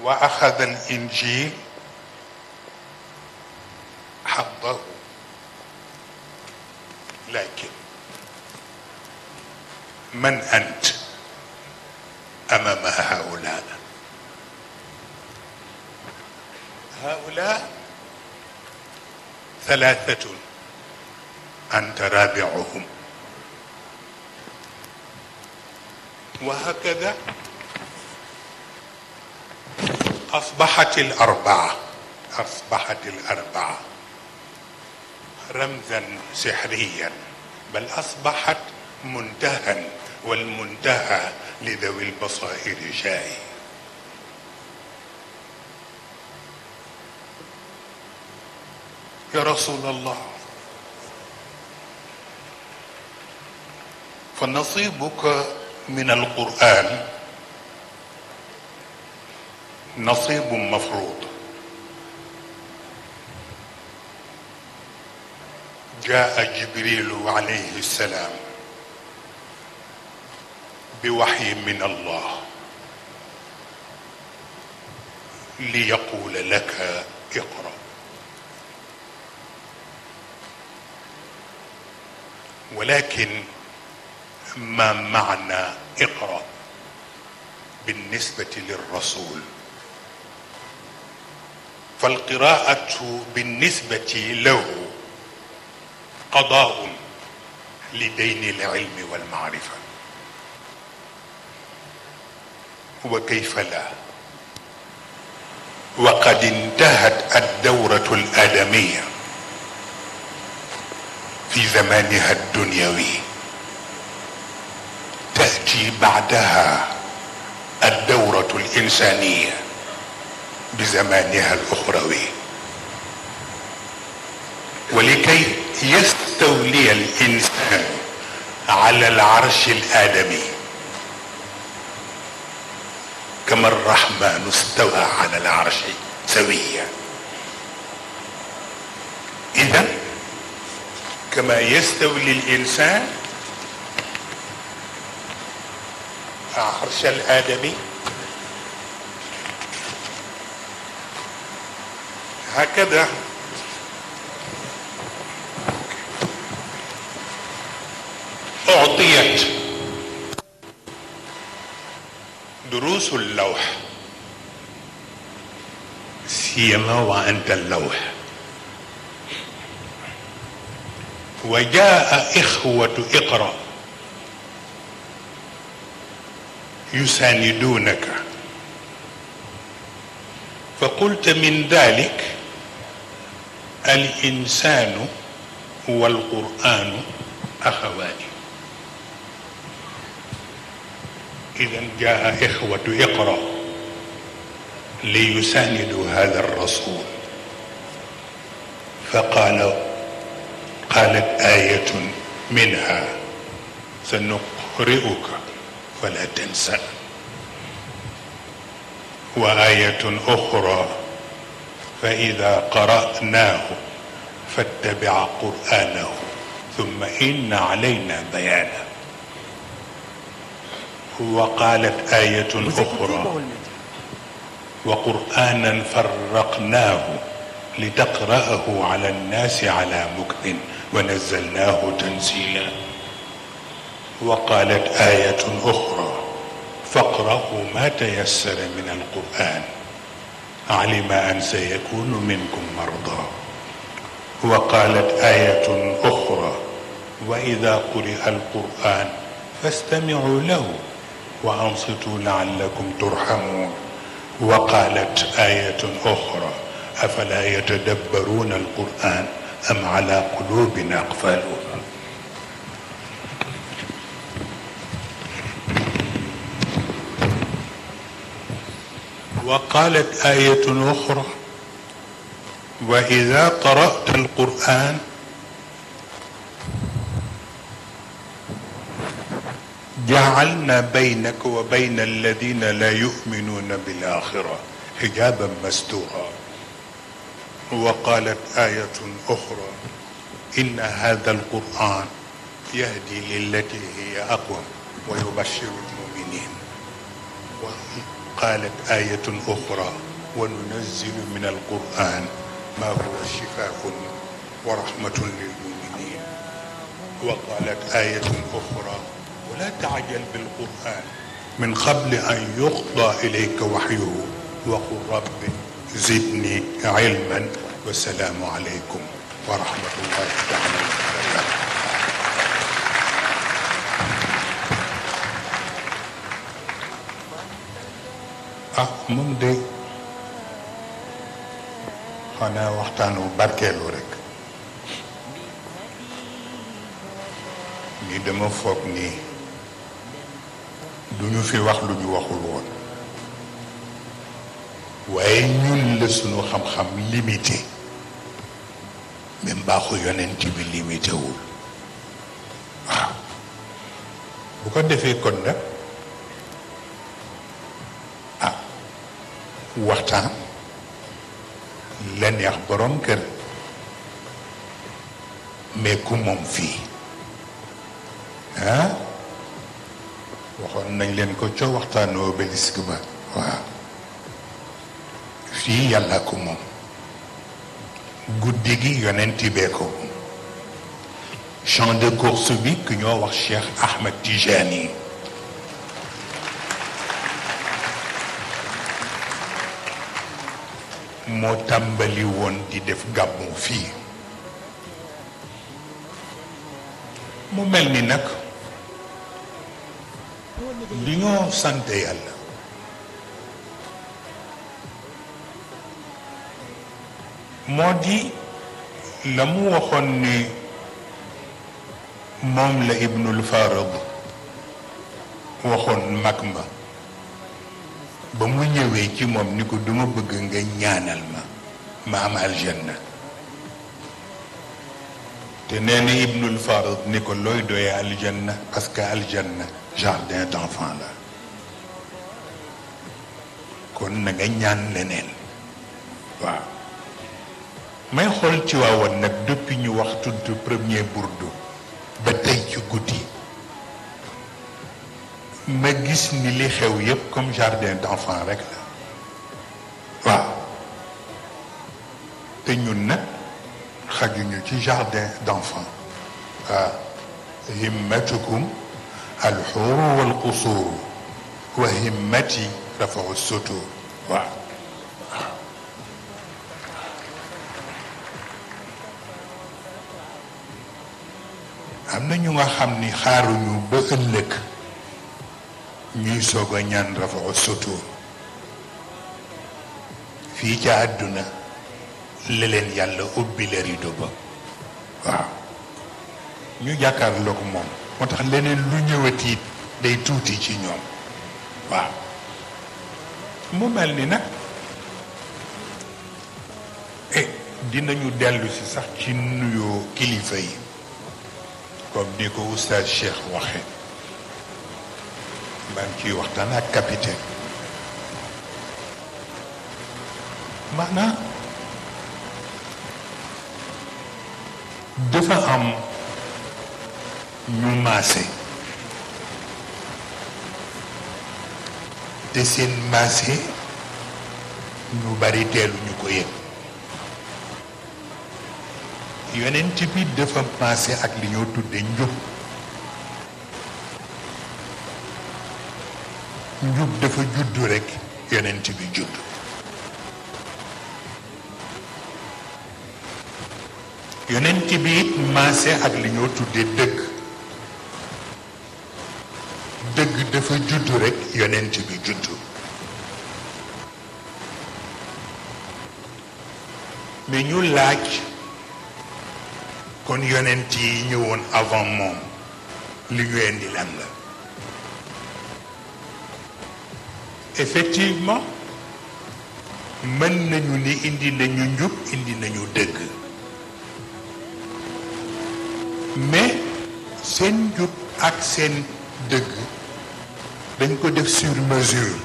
wa axada al injil حظه لكن من انت امام هؤلاء هؤلاء ثلاثه انت رابعهم وهكذا أصبحت الأربعة أصبحت الأربعة رمزا سحريا بل أصبحت منتهى والمنتهى لذوي البصائر شائع يا رسول الله فنصيبك من القرآن نصيب مفروض جاء جبريل عليه السلام بوحي من الله ليقول لك اقرا ولكن ما معنى اقرا بالنسبه للرسول فالقراءة بالنسبة له قضاء لدين العلم والمعرفة وكيف لا وقد انتهت الدورة الآدمية في زمانها الدنيوي تأتي بعدها الدورة الإنسانية بزمانها الأخروي ولكي يستولي الإنسان على العرش الآدمي كما الرحمن استوى على العرش سويا إذا كما يستولي الإنسان عرش الآدمي هكذا أعطيت دروس اللوح سيما وأنت اللوح وجاء إخوة اقرأ يساندونك فقلت من ذلك al insaanu wal quraanu axawaani idan jaa ixwatu iqra li yusaanidu hada rasul fa qaala qaalat aayatun minha sa nuqri'uka fala tansa wa aayatun uxra فإذا قرأناه فاتبع قرآنه ثم إن علينا بيانه وقالت آية أخرى وقرآنا فرقناه لتقرأه على الناس على مكث ونزلناه تنزيلا وقالت آية أخرى فاقرأوا ما تيسر من القرآن علم أن سيكون منكم مرضى وقالت آية أخرى وإذا قرئ القرآن فاستمعوا له وأنصتوا لعلكم ترحمون وقالت آية أخرى أفلا يتدبرون القرآن أم على قلوب أقفالون وقالت آية أخرى وإذا قرأت القرآن جعلنا بينك وبين الذين لا يؤمنون بالآخرة حجابا مستورا وقالت آية أخرى إن هذا القرآن يهدي للتي هي أقوى ويبشر المؤمنين وقالت آية أخرى وننزل من القرآن ما هو شفاء ورحمة للمؤمنين وقالت آية أخرى ولا تعجل بالقرآن من قبل أن يقضى إليك وحيه وقل رب زدني علما والسلام عليكم ورحمة الله تعالى وبركاته ah moom de xanaa waxtaan wu barkeelu rek ni dama foog ni du ñu fi wax lu ñu waxul woon waaye ñun la sunu xam-xam limité même baaxu yonent bi limité wul waaw ah, bu ko defee kon nag waxtaan la neex borom kër mais ku moom fii ah waxoon nañ leen ko ca waxtaanu obélisque ba waaw fii yàlla ko moom guddi gi yonenti bee ko champ de course bi ku ñoo wax Cheikh Ahmed Tijani moo tàmbali woon di def gàmmu fii mu mel ni nag li ñoo sant yàlla moo di la mu waxoon ni moom la Ibnul Farad waxoon mag ma ba mu ñëwee ci moom ni ko duma bëgg nga ñaanal ma ma am aljanna te nee na Ibnul Farid ni ko looy doyee aljanna parce que aljanna jardin d'enfant la kon na nga ñaan leneen waaw may xool ci waawoon nag depuis ñu wax tudd premier Bourdou ba tey ma gis ni li xew yépp comme jardin d'enfant rek la waaw te ñun nag xajuñu ci jardin d'enfant waaw himmatukum alxuuru wal am na ñu nga xam ni xaaruñu ba ëllëg ñuy soog a ñaan rafaxu sutur fii ca àdduna la leen yàlla ubbi la rido ba waaw ñu jàkkaarloog moom moo tax leneen lu ñëwati day tuuti ci ñoom waaw mu mel ni nag eh dinañu dellu si sax ci nuyoo kilifa yi comme di ko oustaz Cheikh waxe maa ngi ciy waxtaan ak capitaine maanaam dafa am ñu maase te seen maase ñu bari teelu ñu ko yëg yonent bi dafa maase ak li ñoo tudde njub njub dafa judd rekk yonent bi judd yonent bi it maase ak li ñoo tuddee dëgg dëgg dafa judd rek yonent bi judd mais ñu laaj kon yonent yi ñëwoon avant moom li ñu indi la effectivement mën nañu ni indi nañu njub indi nañu dëgg mais seen njub ak seen dëgg dañ ko def sur mesure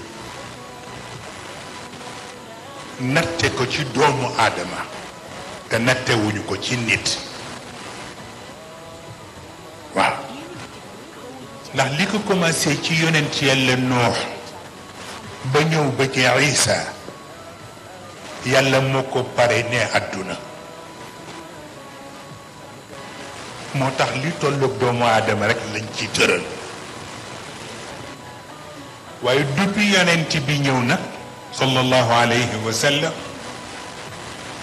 natte ko ci doomu aadama te nattewuñu ko ci nit waaw ndax li ko commencé ci yonent yàlla noox ba ñëw ba ci Isa yàlla moo ko pare ne àdduna moo tax li tolloog doomu aadama rekk lañ ci tëral waaye depuis yonent bi ñëw nag sallallahu alayhi wa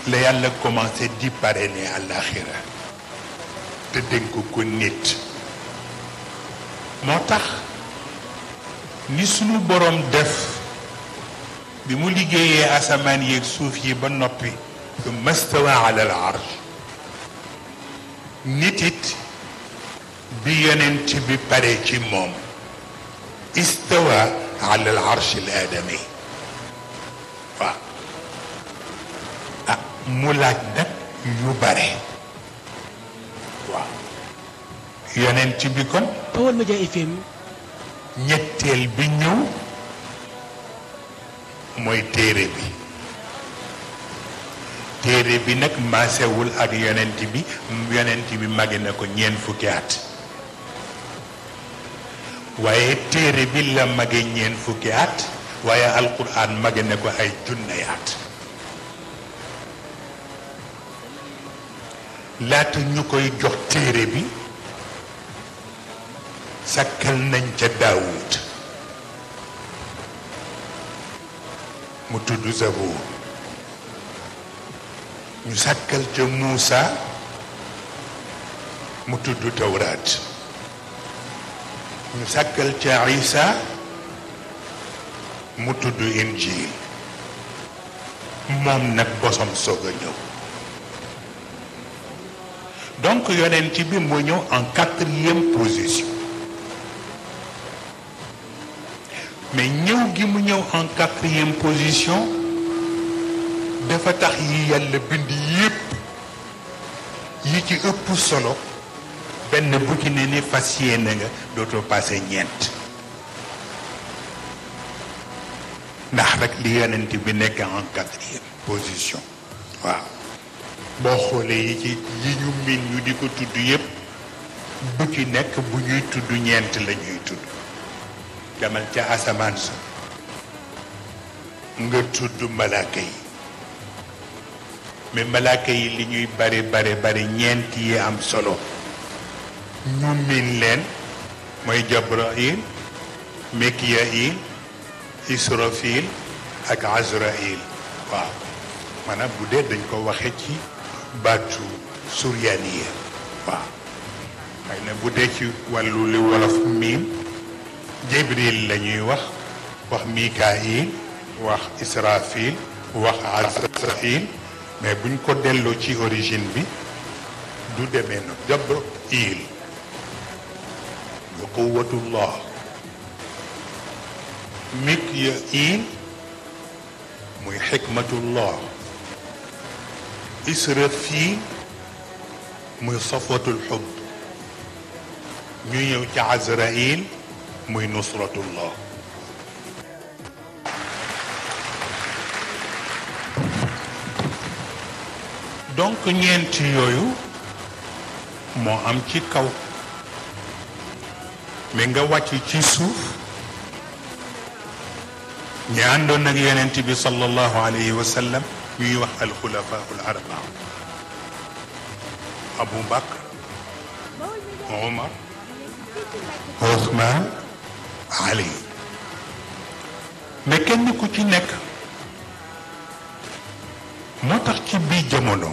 la yàlla commencé di pare ne àllaaxira te dénk ko nit moo tax ni sunu boroom def bi mu liggéeyee asamaan yeeg suuf yi ba noppi mastawa ala al arj nit it bi yonent bi pare ci moom istawa ala arsh al ah, mu laaj nag yu bare yonent bi kon ñetteel bi ñëw mooy téere bi téere bi nag maasewul ak yonent bi yonent bi mage na ko ñeent fukki at waaye téere bi la mage ñeent fukki at waaye alquran mage na ko ay junne at laata ñu koy jox téere bi sakkal nañ ca daawut mu tudd Zabuur ñu sàkkal ca Muusa mu tudd Tawraat ñu sàkkal ca Isa mu tudd Injiil moom nag bosom soog a ñëw donc ci bi mu ñëw en quatrième position mais ñëw gi mu ñëw en quatrième position dafa tax yi yàlla bind yépp yi ci ëpp solo benn bu ci ne ni fas yéene nga dootoo passé ñeent ndax rek li yonent bi nekk en quatrième position waaw boo xoolee yi ci yi ñu miin ñu di ko tudd yépp bu nekk bu ñuy tudd ñeent lañuy ñuy tudd demal ca asamaan sa nga tudd malaaka yi mais malaaka yi li ñuy bare bare bare ñeent yi am solo ñu miin leen mooy jabrail mikail israfil ak azrail waaw maanaam bu dee dañ ko waxe ci baatu suryaaniya waaw xëy na bu ci wàllu li wolof miin jibril la ñuy wax wax mikaayil wax israfil wax asrafil mais buñ ko delloo ci origine bi du demee na jab il bu quwatullah mik ya il muy xikmatullah israfil muy safwatul xubb ñu ñëw ci azrail muy nusratullah donc ñeenti yooyu moo am ci kaw mais nga wàcc ci suuf ñi àndoon ak yonent bi sallallahu alayhi wa ñuy wax alxulafaul arbaa Abu Bakr Omar Ousmane xale mais kenn ku ci nekk moo tax ci biir jamono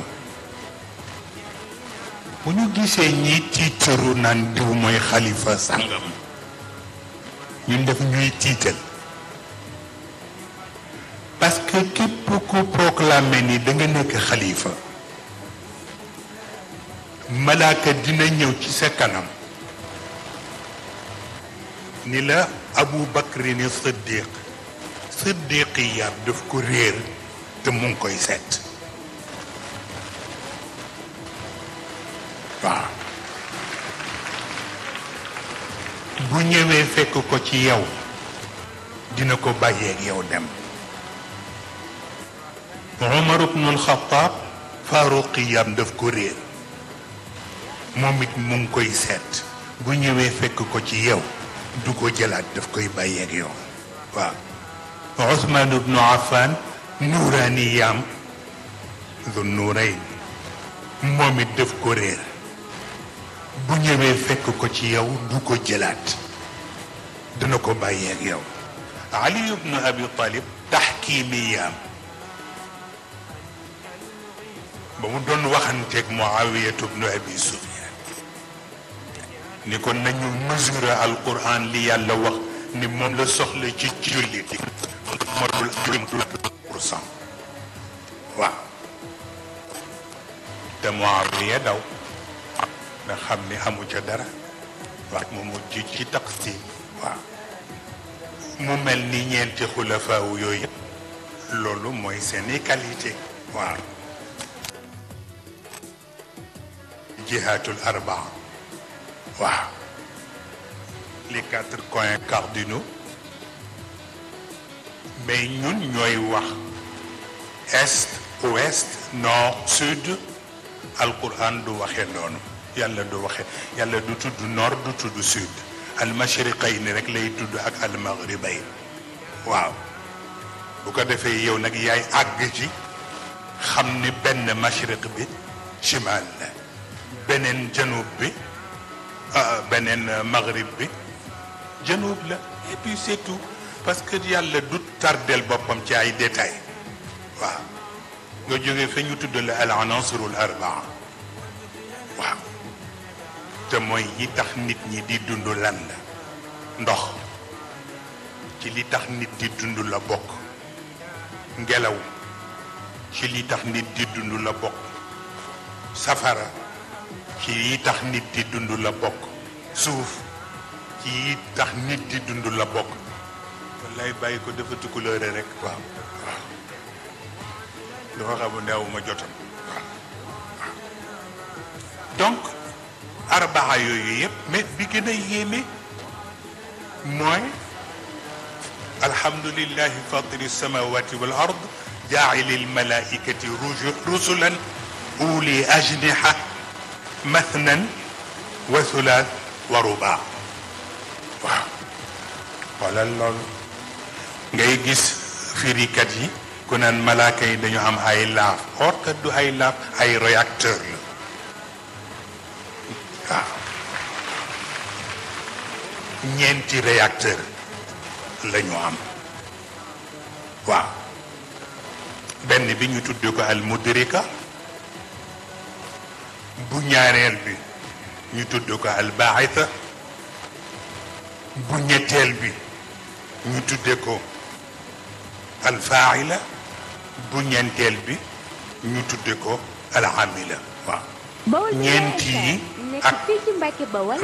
bu ñu gisee ñiy tiitaru naan diw mooy xalifa sàngam ñun def ñuy tiital parce que képp ku proclamé ni da nekk xalifa malaaka dina ñëw ci sa kanam ni la abu bakri ni siddiq siddiqi yar daf ko réer te mu ngi koy seet waaw bu ñëwee fekk ko ci yow dina ko bàyyeeg yow dem Umar ibnul ko réer moom it mu ngi koy seet bu ñëwee fekk ko ci yow du ko jëlaat daf koy bàyyeeg yoon waaw Ousmane ibnu Affan nuuraani yaam du ko bu ñëwee fekk ko ci yow du ko jëlaat dana ko bàyyeeg yow Ali ibnu Abi Talib taxkiimi yaam ba mu doon waxanteeg Muawiyatu ibnu Abi Sufyan ni ko nañu mesurer alquran li yàlla wax ni moom la soxla ci ci julli motul pour cent waaw te Muawiya daw nga xam ni amu ca dara waaw mu mujj ci taqsim mu mel ni ñeenti xulafaawu yooyu loolu mooy seeni qualité waaw arbaa waaw les quatre coins cardinaux mais ñun ñooy wax est ouest nord sud alquran du waxee noonu yàlla du waxe yàlla du tudd nord du tudd sud almashriqayni rek lay tudd ak almaghribayn waaw bu ko defee yow nag yaay àgg ci xam ni benn mashriq bi chimal la beneen janub bi Euh, beneen euh, maghrib bi janoob la et puis c'est parce que yàlla du tardel boppam ci ay détails waaw nga jógee fa ñu tudd la al anasirul waaw te mooy yi tax nit ñi di dund lan ndox ci li tax nit di dund la bokk ngelaw ci li tax nit di dund la bokk safara ci yi tax nit di dund la bokk suuf ci tax nit di dund la bokk wallaay bàyyi ko dafa tukkuloore rek waaw waaw dafa xamu neew ma jotam waaw donc arbaa yooyu yëpp mais bi gën a yéeme mooy alhamdulillahi fatiri samawati wal ard jaa'ili al malaikati rusulan uli mathnan wa thulath wa rubaa waaw xoolal loolu ngay gis firikat yi ku naan malaaka yi dañu am ay laaf or ay laaf ay réacteur la waaw ñeenti réacteur la am waaw benn bi ñu tudd ko al bu ñaareel bi ñu tudd ko albaaxisa bu ñetteel bi ñu tudde ko alfaaila bu ñeenteel bi ñu tudde ko alhamila waaw ñeent yi ak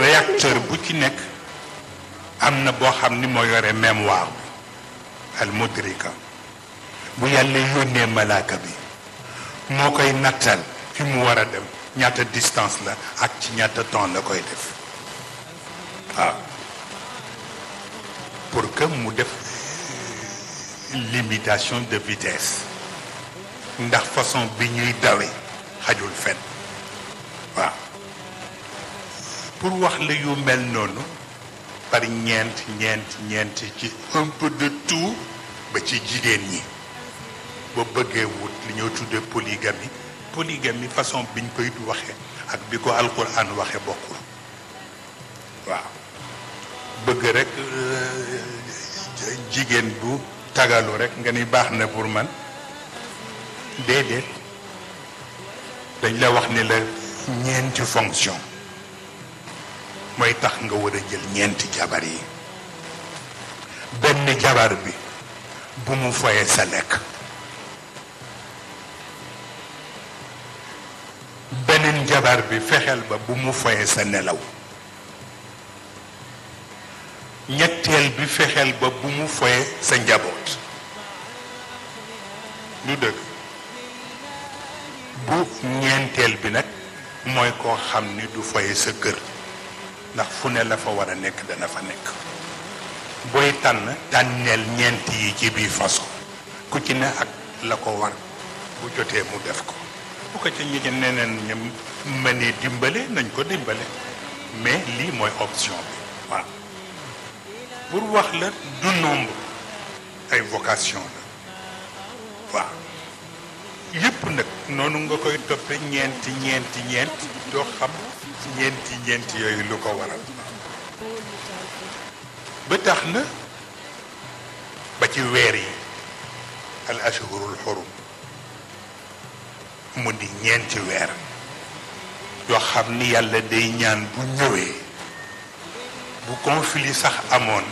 réacteur bu ci nekk am na boo xam ni moo yore mémoire bi al mudrika bu yàlla yónnee malaaka bi moo koy nattal fi mu war a dem ñaata distance la ak ci ñaata temps la koy def waaw ah. pour que mu def limitation de vitesse ndax façon bi ñuy dawe xajul fen waaw pour wax la yu mel noonu par ñeent ñeent ñeent ci un de tout ba ci jigéen ñi boo bëggee wut li ñoo tuddee polygamie polygamie façon biñ koy waxee ak bi ko alquran waxe bokkul waaw bëgg rekk euh, jigéen bu tagalu rek nga ni baax na pour man déedéet dañ la wax ni la ñeenti fonction mooy tax nga war a jël ñeenti jabar yi benn jabar bi bu mu foye sa lekk beneen jabar bi fexeel ba bu mu foye sa nelaw ñetteel bi fexeel ba bu mu foye sa njaboot lu dëgg bu ñeenteel bi nag mooy koo xam ni du foye sa kër ndax fu ne la fa war a nekk dana fa nekk booy tànn tànneel ñeent yi ci biir façon ku ci ne ak la ko war bu jotee mu def ko bu ko ca ñi ngi neneen ñu mënee dimbale nañ ko dimbale mais lii mooy option bi waaw pour wax la du nombre ay vocation la waaw yëpp nag noonu nga koy toppe ñeenti ñeenti ñeent doo xam ñeenti yooyu lu ko waral ba tax na ba ci weer yi al ashhurul xurum mu di ñeenti weer yoo xam ni yàlla day ñaan bu ñëwee bu conflit sax amoon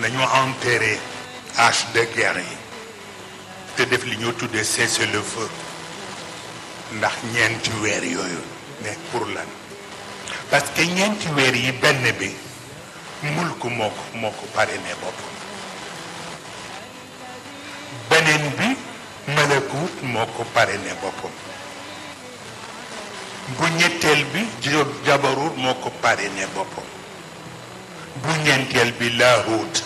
nañu entere hache de guerre yi te def li ñoo tuddee cessez-le-feu ndax ñeenti weer yooyu ne pour lan parce que ñeenti weer yi benn bi mulk moo ko moo ko parrainé bopp beneen bi boole ko wut moo boppam bu ñetteel bi Jóob Jabaruur moo ko parrainé boppam bu ñeenteel bi Laahuut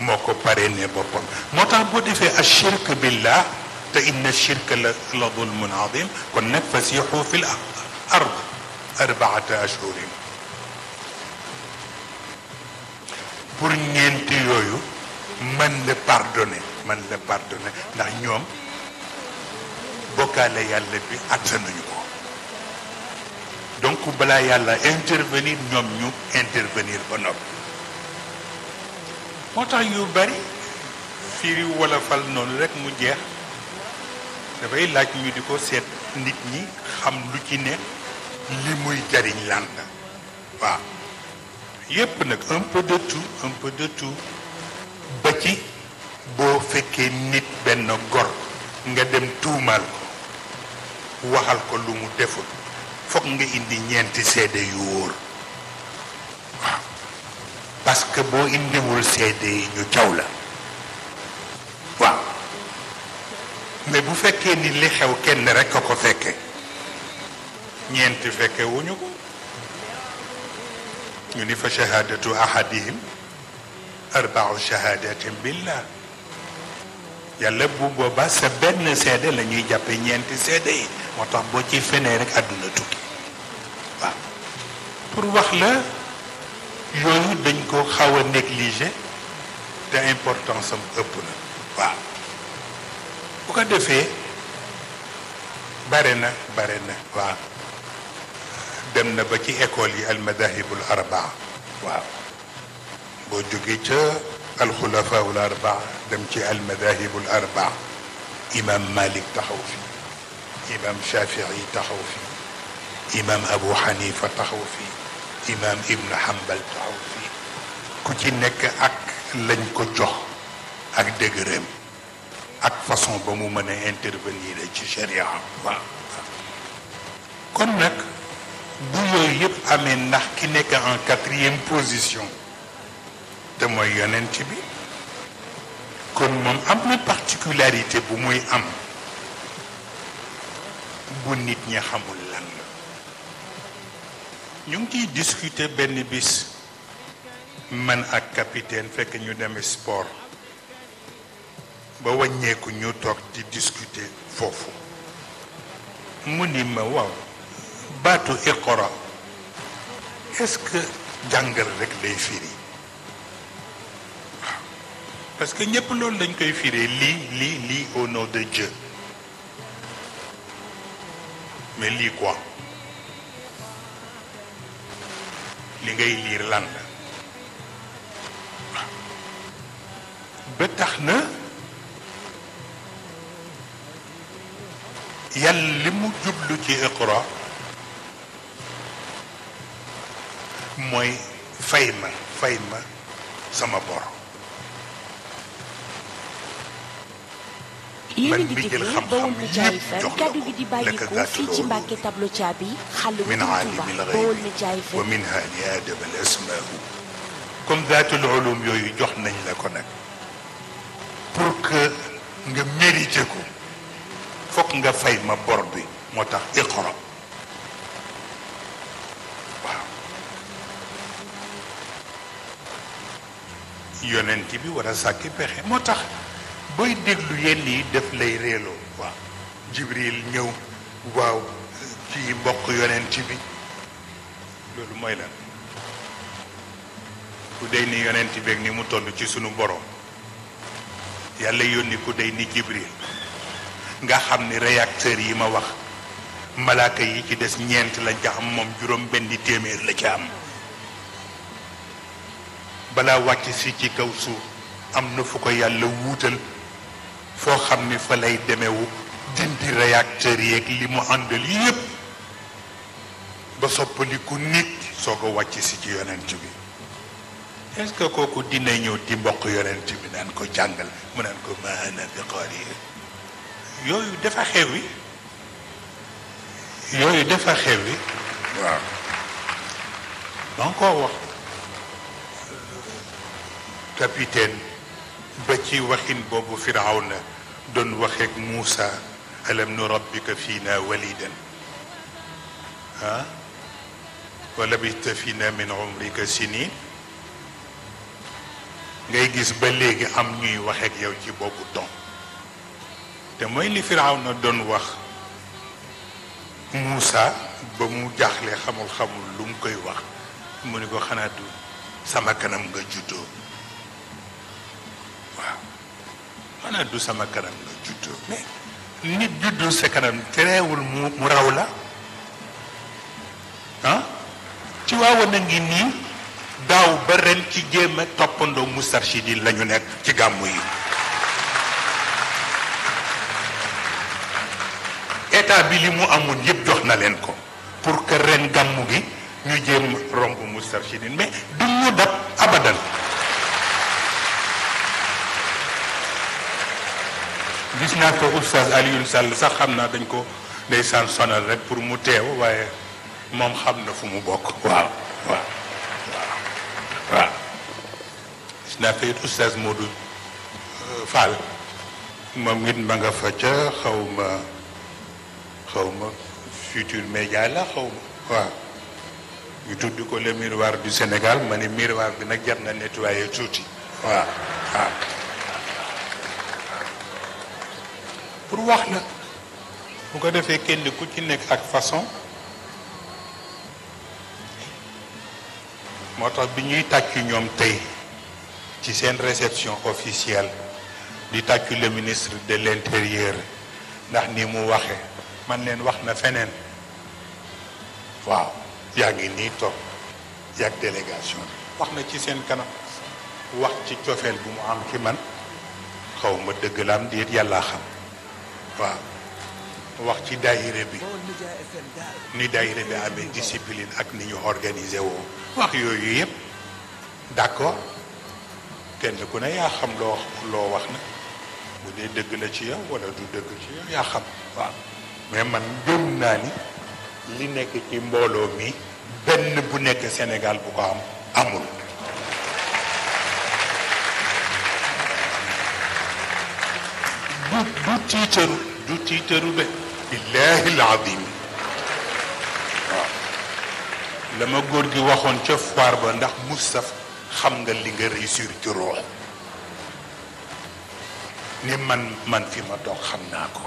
moo ko parrainé boppam moo tax boo defee ashirk billah te inna shirka la la zulmun azim kon nag fasiixu fi l ard arbaata ashhurin pour yooyu mën la pardonner man la pardonné ndax ñoom bokkaale yàlla bi nañu ko donc balaa yàlla intervenir ñoom ñu intervenir ba nopp moo tax yu bari firi wala fal noonu rekk mu jeex dafay laaj ñu di ko seet nit ñi xam lu ci ne li muy jariñ lan la waaw yépp nag un de tout un de tout ba ci boo fekkee nit benn gor nga dem tuumaal ko waxal ko lu mu deful foog nga indi ñeenti seede yu wóor waaw parce que boo indiwul seede yi ñu caw la waaw mais bu fekkee ni li xew kenn rekk a ko fekke ñeenti fekke wuñu ko ñu ni fa shahaadatu ahadihim arbau shahaadatin billah yàlla bu boobaa sa benn seede la ñuy jàppe ñeenti seede yi moo tax boo ci fenee rek àdduna tukki waaw pour wax la yooyu dañ ko xaw a négligé te importance am ëpp na waaw bu ko defee bare na bare na waaw dem na ba ci école yi almadahibul arbaa waaw boo jógee ca alxulafau l arbaa dem ci almadahibu l arbaa imam malik taxaw fi imam shafii taxaw fi imam abu xanifa taxaw fi imam ibnu hambal taxaw fi ku ci nekk ak lañ ko jox ak dëgëreem ak façon ba mu mën a intervenir ci sharia waaw nag bu yooyu yëpp amee ndax ki nekk en quatrième position te mooy yonent bi kon moom am na particularité bu muy am bu nit ñi xamul lan la ñu ngi ciy discuter benn bis man ak capitaine fekk ñu dem sport ba wàññeeku ñu toog di discuter foofu mu ni ma waaw baatu iqra est jàngal rek lay firi parce que ñëpp loolu lañ koy firee lii lii lii au nom de Dieu mais lii quoi li ngay liir lan la ba tax na yàlla li mu jublu ci iqra mooy fay ma fay ma sama bor yéen di déglu Baol Médias FM kaddu gi di bàyyeekoo fii ci Mbàkke tableau caabi xàll bu Tuuba Baol Médias FM wa minha li aadama al asmaahu comme daatul ulum yooyu jox nañ la ko nag pour que nga mérité ko fokk nga fay ma bor bi moo tax iqra waaw yonent bi war a sàkki pexe moo tax booy déglu yenn yi def lay réeloo waaw jibril ñëw waaw fii mbokk yonent bi loolu mooy la ku dey ni yonent beeg ni mu toll ci sunu borom yàlla yónni ku dey ni jibril nga xam ni réacteur yi ma wax malaaka yi ci des ñeent lañ ca am moom juróom benn téeméer la ca am balaa wàcc si ci kaw suuf am na fu ko yàlla wuutal foo xam ni fa lay demewu dindi réacteurs yeeg li mu àndal yépp ba soppaliku nit soo ko wàcc si ci yonent bi est-ce que kooku dina ñëw di mboq yonent bi naan ko jàngal mu naan ko maana bi qaari yooyu dafa xewi yooyu dafa xewi waaw danga koo wax capitaine ba ci waxin boobu firawna doon waxeek Muusa alam nu rabbika fiina walidan ah wa labista fiina min umrika sinin ngay gis ba léegi am ñuy waxeek yow ci boobu ton te mooy li firawna doon wax Muusa ba mu jaaxle xamul xamul lu mu koy wax mu ni ko xanaatu sama kanam nga juddoo maanaam du sama kanam nga juddoo mais nit juddoo sa kanam tereewul mu mu raw la ci waaw a ngi nii daaw ba ren ci jéem toppandoo Moustarchidine la ñu nekk ci gàmmu yi état bi li mu amoon yëpp jox na leen ko pour que ren gàmmu gi ñu jéem romb Moustarchidine mais duñ ñu dab abadan gis naa ko oustaz Alioune Sall sax xam naa dañ ko ndeysaan sonal rek pour mu teew waaye moom xam na fu mu bokk waaw waaw waaw gis naa ko it oustaz Modou euh, Fall moom it ma nga fa ca xaw ma xaw ma futur média la xaw ma waaw ñu tudd ko le miroir du Sénégal ma ne miroir bi nag jar na nettoyer tuuti waaw waaw pour wax la bu ko defee kenn ku ci nekk ak façon moo tax bi ñuy tàccu ñoom tey ci seen réception officielle di tàccu le ministre de l'intérieur ndax ni mu waxe man leen wax na feneen waaw yaa ngi nii toog yàgg délégation wax na ci seen kanam wax ci cofeel bu mu am ci man xaw ma dëgg la am diit yàllaa xam waaw wax ci daayire bi ni daayire bi amee discipline ak ni ñu organisé woo wax yooyu yëpp d'accord kenn ku ne yaa xam loo loo wax na bu dee dëgg la ci yow wala du dëgg ci yow yaa xam waaw mais man gëm naa ni li nekk ci mbooloo mi benn bu nekk Sénégal bu ko am amul du du tiitaru du tiitaru de billaahi alazim waaw la góor gi waxoon ca foire ba ndax Moustapha xam nga li nga réussir ci roox ni man man fi ma toog xam naa ko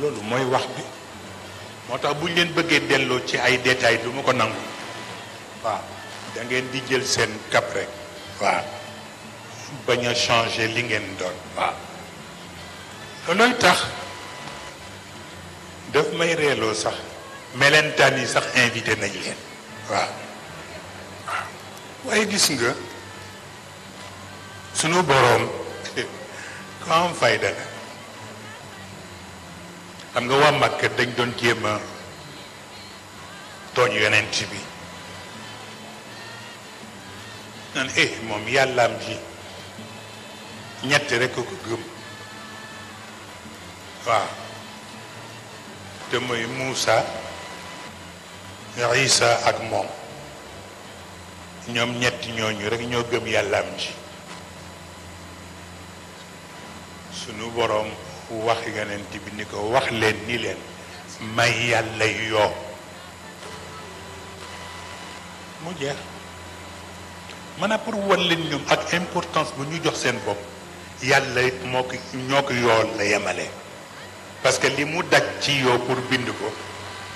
loolu mooy wax bi moo tax bu ñu leen bëggee delloo ci ay detaay du ma ko nangu waaw da di jël seen cap rek waaw bañ a changer li ngeen doon waaw loolooy tax daf may reeloo sax melentaan yi sax invité nañ leen waaw waaw waaye gis nga sunu boroom ko am xam nga waa Màkka dañ doon jéem a tooñ yonent bi naan eh moom yàllaam ji ñetti rekk ko gëm waaw te mooy Muusa Isa ak moom ñoom ñett ñooñu rekk ñoo gëm yàllaam ji sunu boroom wax yonent bi ni ko wax leen ni leen may yàlla yoo mu jeex maanaam pour wan leen ñoom ak importance bu ñu jox seen bopp yàlla it moo ko ñoo ko yool la yemale parce que li mu daj ci yow pour bind ko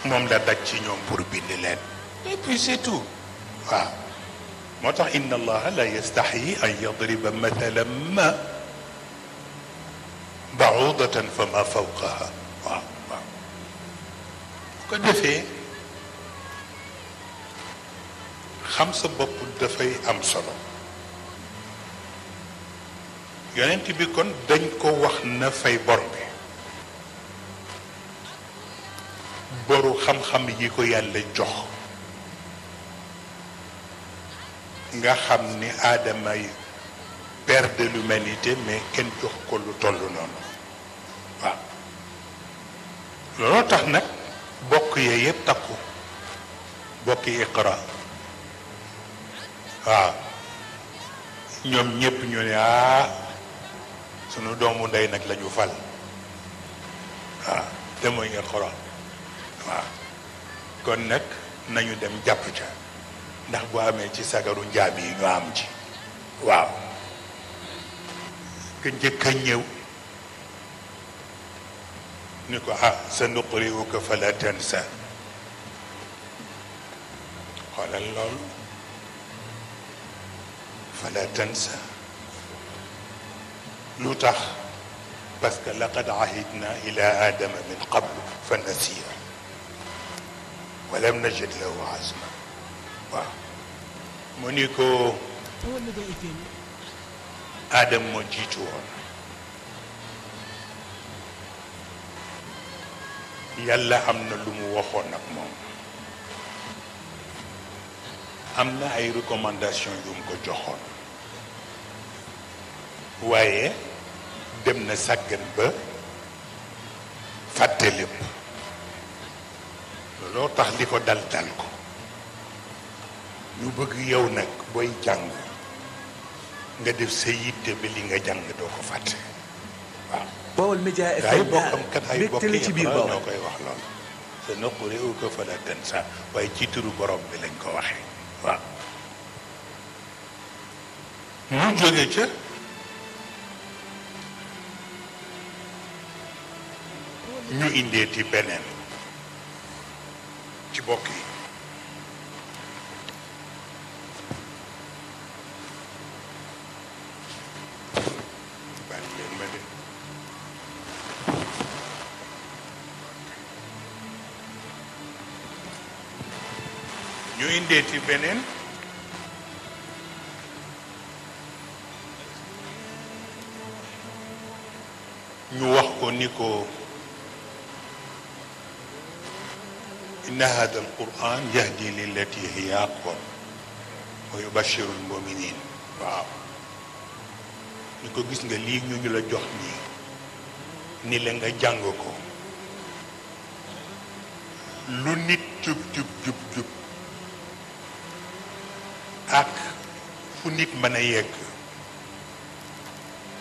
moom la daj ci ñoom pour bind leen et puis c'est tout waaw moo tax inna allaha la yastaxyi an yadriba mathalan ma baudatan fa ma fawqaha waaw waaw bu ko defee xam sa bopp dafay am solo yonent bi kon dañ ko wax na fay bor bi boru xam-xam yi ko yàlla jox nga xam ni aadama yi père de l'humanité mais kenn jox ko lu toll noonu looloo tax nag bokk yee yëpp takku bokki iqra waaw ñoom ñëpp ñu ne ah sunu doomu ndey nag lañu fal waaw te mooy ngeen xoroon waaw kon nag nañu dem jàpp ca ndax bu amee ci sagaru njaam yi ñu am ci waaw ka njëkk a ni ko a ah, sa nuqri'uka fala tansa xoolal loolu fala tansa lu tax parce que laqad ahidna ila aadama min qablu fa nasiya walam najid lahu azma waaw mu ni ko aadam moo am na lu mu waxoon ak am na ay recommandation yu mu ko joxoon waaye dem na sàggan ba fàtte lépp looloo tax di ko dal dal ko ñu bëgg yow nag booy jàng nga def sa yitte ba li nga jàng doo ko fàtte waaw Baol Média FM ay noo koy wax loolu sa noqure u ko fala ten sa waaye ci turu borom bi lañ ko waxee waaw ñu jóge ca ñu indeeti beneen ci bokk yi ñu indeeti beneen ñu wax ko ni ko inna hada alquran yahdi lillati hiya aqwam wa yubashiru almuminin waaw ñu ko gis nga lii ñu ñu la jox nii ni la nga jàng ko lu nit jub jub jub ak fu nit mën a yegg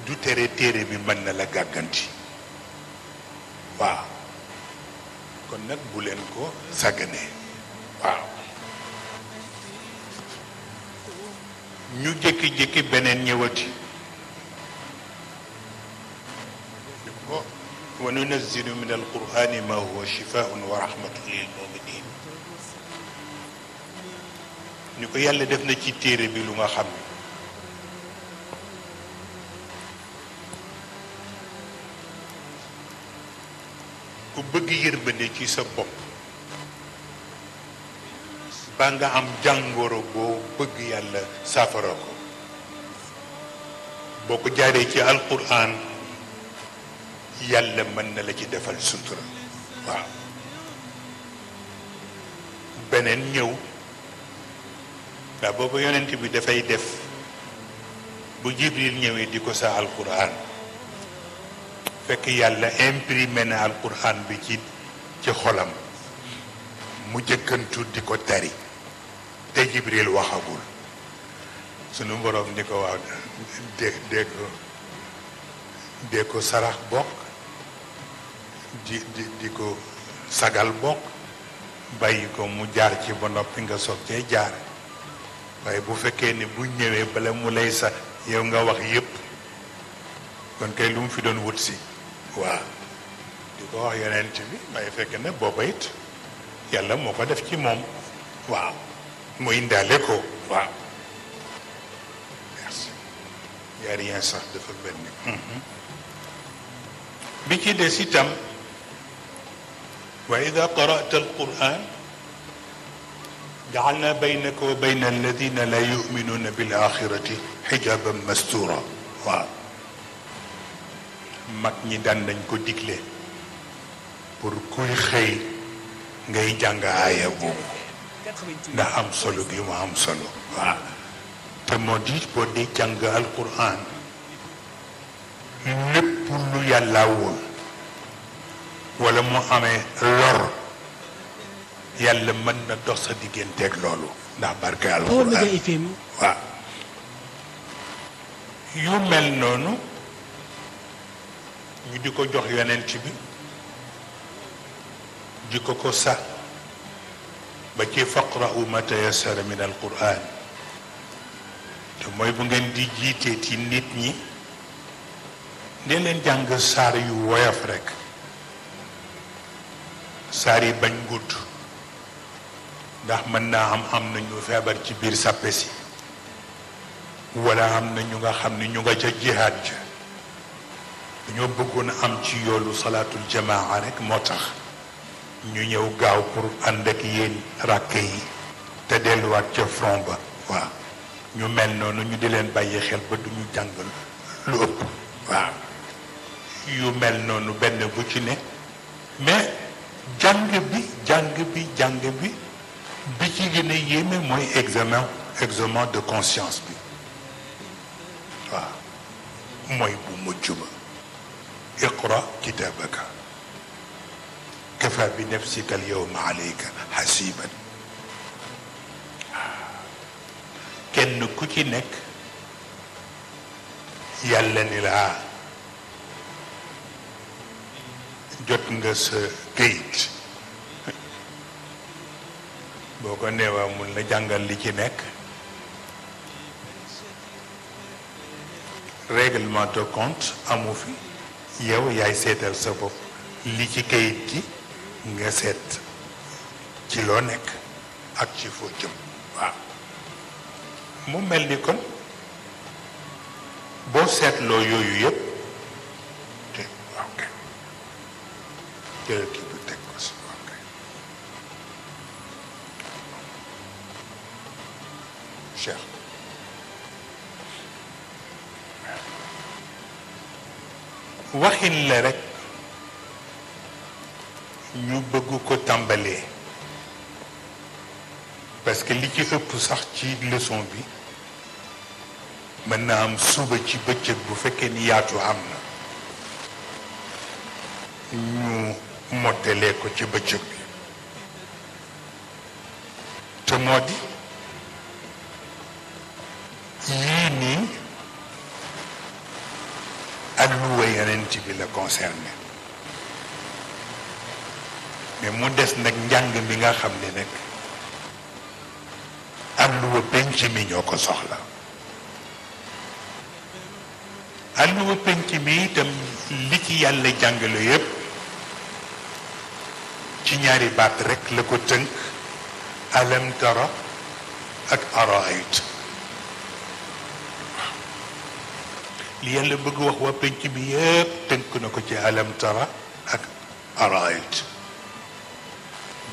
du tere téere bi mën na la gàgganti waaw kon nag bu leen ko sàggane waaw ñu jékki-jékki beneen ñëwati ñu ko wa nunazzilu min alqurani ma huwa shifaun wa rahmatun lil ko yàlla def na ci téere bi lu nga xam bëgg yërmande ci sa bopp ba nga am jàngooro boo bëgg yàlla saafara ko boo ko jaaree ci alquran yàlla mën na la ci defal sutura waaw beneen ñëw ndax boobu yonent bi dafay def bu jibril ñëwee di ko sa alquran fekk yàlla imprimé na alquran bi ci ci xolam mu jëkkantu di ko tari te jibril waxagul sunu boroom di ko waaw dé dé ko dé sarax bokk di di di ko sagal bokk bàyyi ko mu jaar ci ba noppi nga soog cee jaar waaye bu fekkee ni bu ñëwee bala mu lay sax yow nga wax yépp kon kay lu mu fi doon wut si waa di ko wax yonent bi waaye fekk na booba it yàlla moo ko def ci moom waaw mu indaale ko waaw merci yaarien sax dafa benn mhm. bi ci des itam wa ida qara'ta alquran ja'alna baynaka wa bayna alladina la yu'minuna bil axirati xijaban mastura waaw mag ñi daan nañ ko digle pour kuy xëy ngay jàng aaya boobu ndax am solo gi mu am solo waaw te moo di boo dee jàng alquran lépp lu yàlla woon wala mu amee lor yàlla mën na dox sa digganteek loolu ndax barke alquran waaw yu mel noonu ñu di ko jox yonent bi di ko ko sax ba ci faqrahu ma tayassara min alquran te mooy bu ngeen di jiitee ci nit ñi ne leen jàng saar yu woyof rekk saar yi bañ gudd ndax mën naa am am nañu ñu feebar ci biir sàppe si walla am na ñu nga xam ni ñu nga ca jihaad ja dañoo bëggoon a am ci yoonu salaatul jamaa rek moo tax ñu ñëw gaaw pour ànd ak yéen ràkk yi te delluwaat ca front ba waaw ñu mel noonu ñu di leen bàyyi xel ba duñu jàng lu ëpp waaw yu mel noonu benn bu ci ne mais jàng bi jàng bi jàng bi bi ci gën a yéeme mooy examen examen de conscience bi waaw mooy bu mujj ba iqra kitaabaka kafa bi nafsika alyawma alayka hasiban kenn ku ci nekk yàlla ni laa jot nga sa kayit boo ko neewaa mun la jàngal li ci nekk règlement de compte amu fi yow yaay seetal sa bopp li ci kayit gi nga seet ci loo nekk ak ci foo jëm waaw mu mel ni kon boo seetloo yooyu yëpp te waxin la rekk ñu bëgg ko tàmbalee parce que li ci ëpp sax ci leçon bi mën na am suba ci bëccëg bu fekkee ni yaatu am na ñu mottalee ko ci bëccëg bi te moo yii nii ak lu wa yonent bi la concerné mais mu des nag njàng mi nga xam ne nag ak lu mi ñoo ko soxla ak lu mi itam li ci yàlla jàngale yépp ci ñaari baat rekk la ko tënk alam tara ak araayt li yàlla bëgg wax waa bi yëpp tënk na ko ci alam tara ak araayit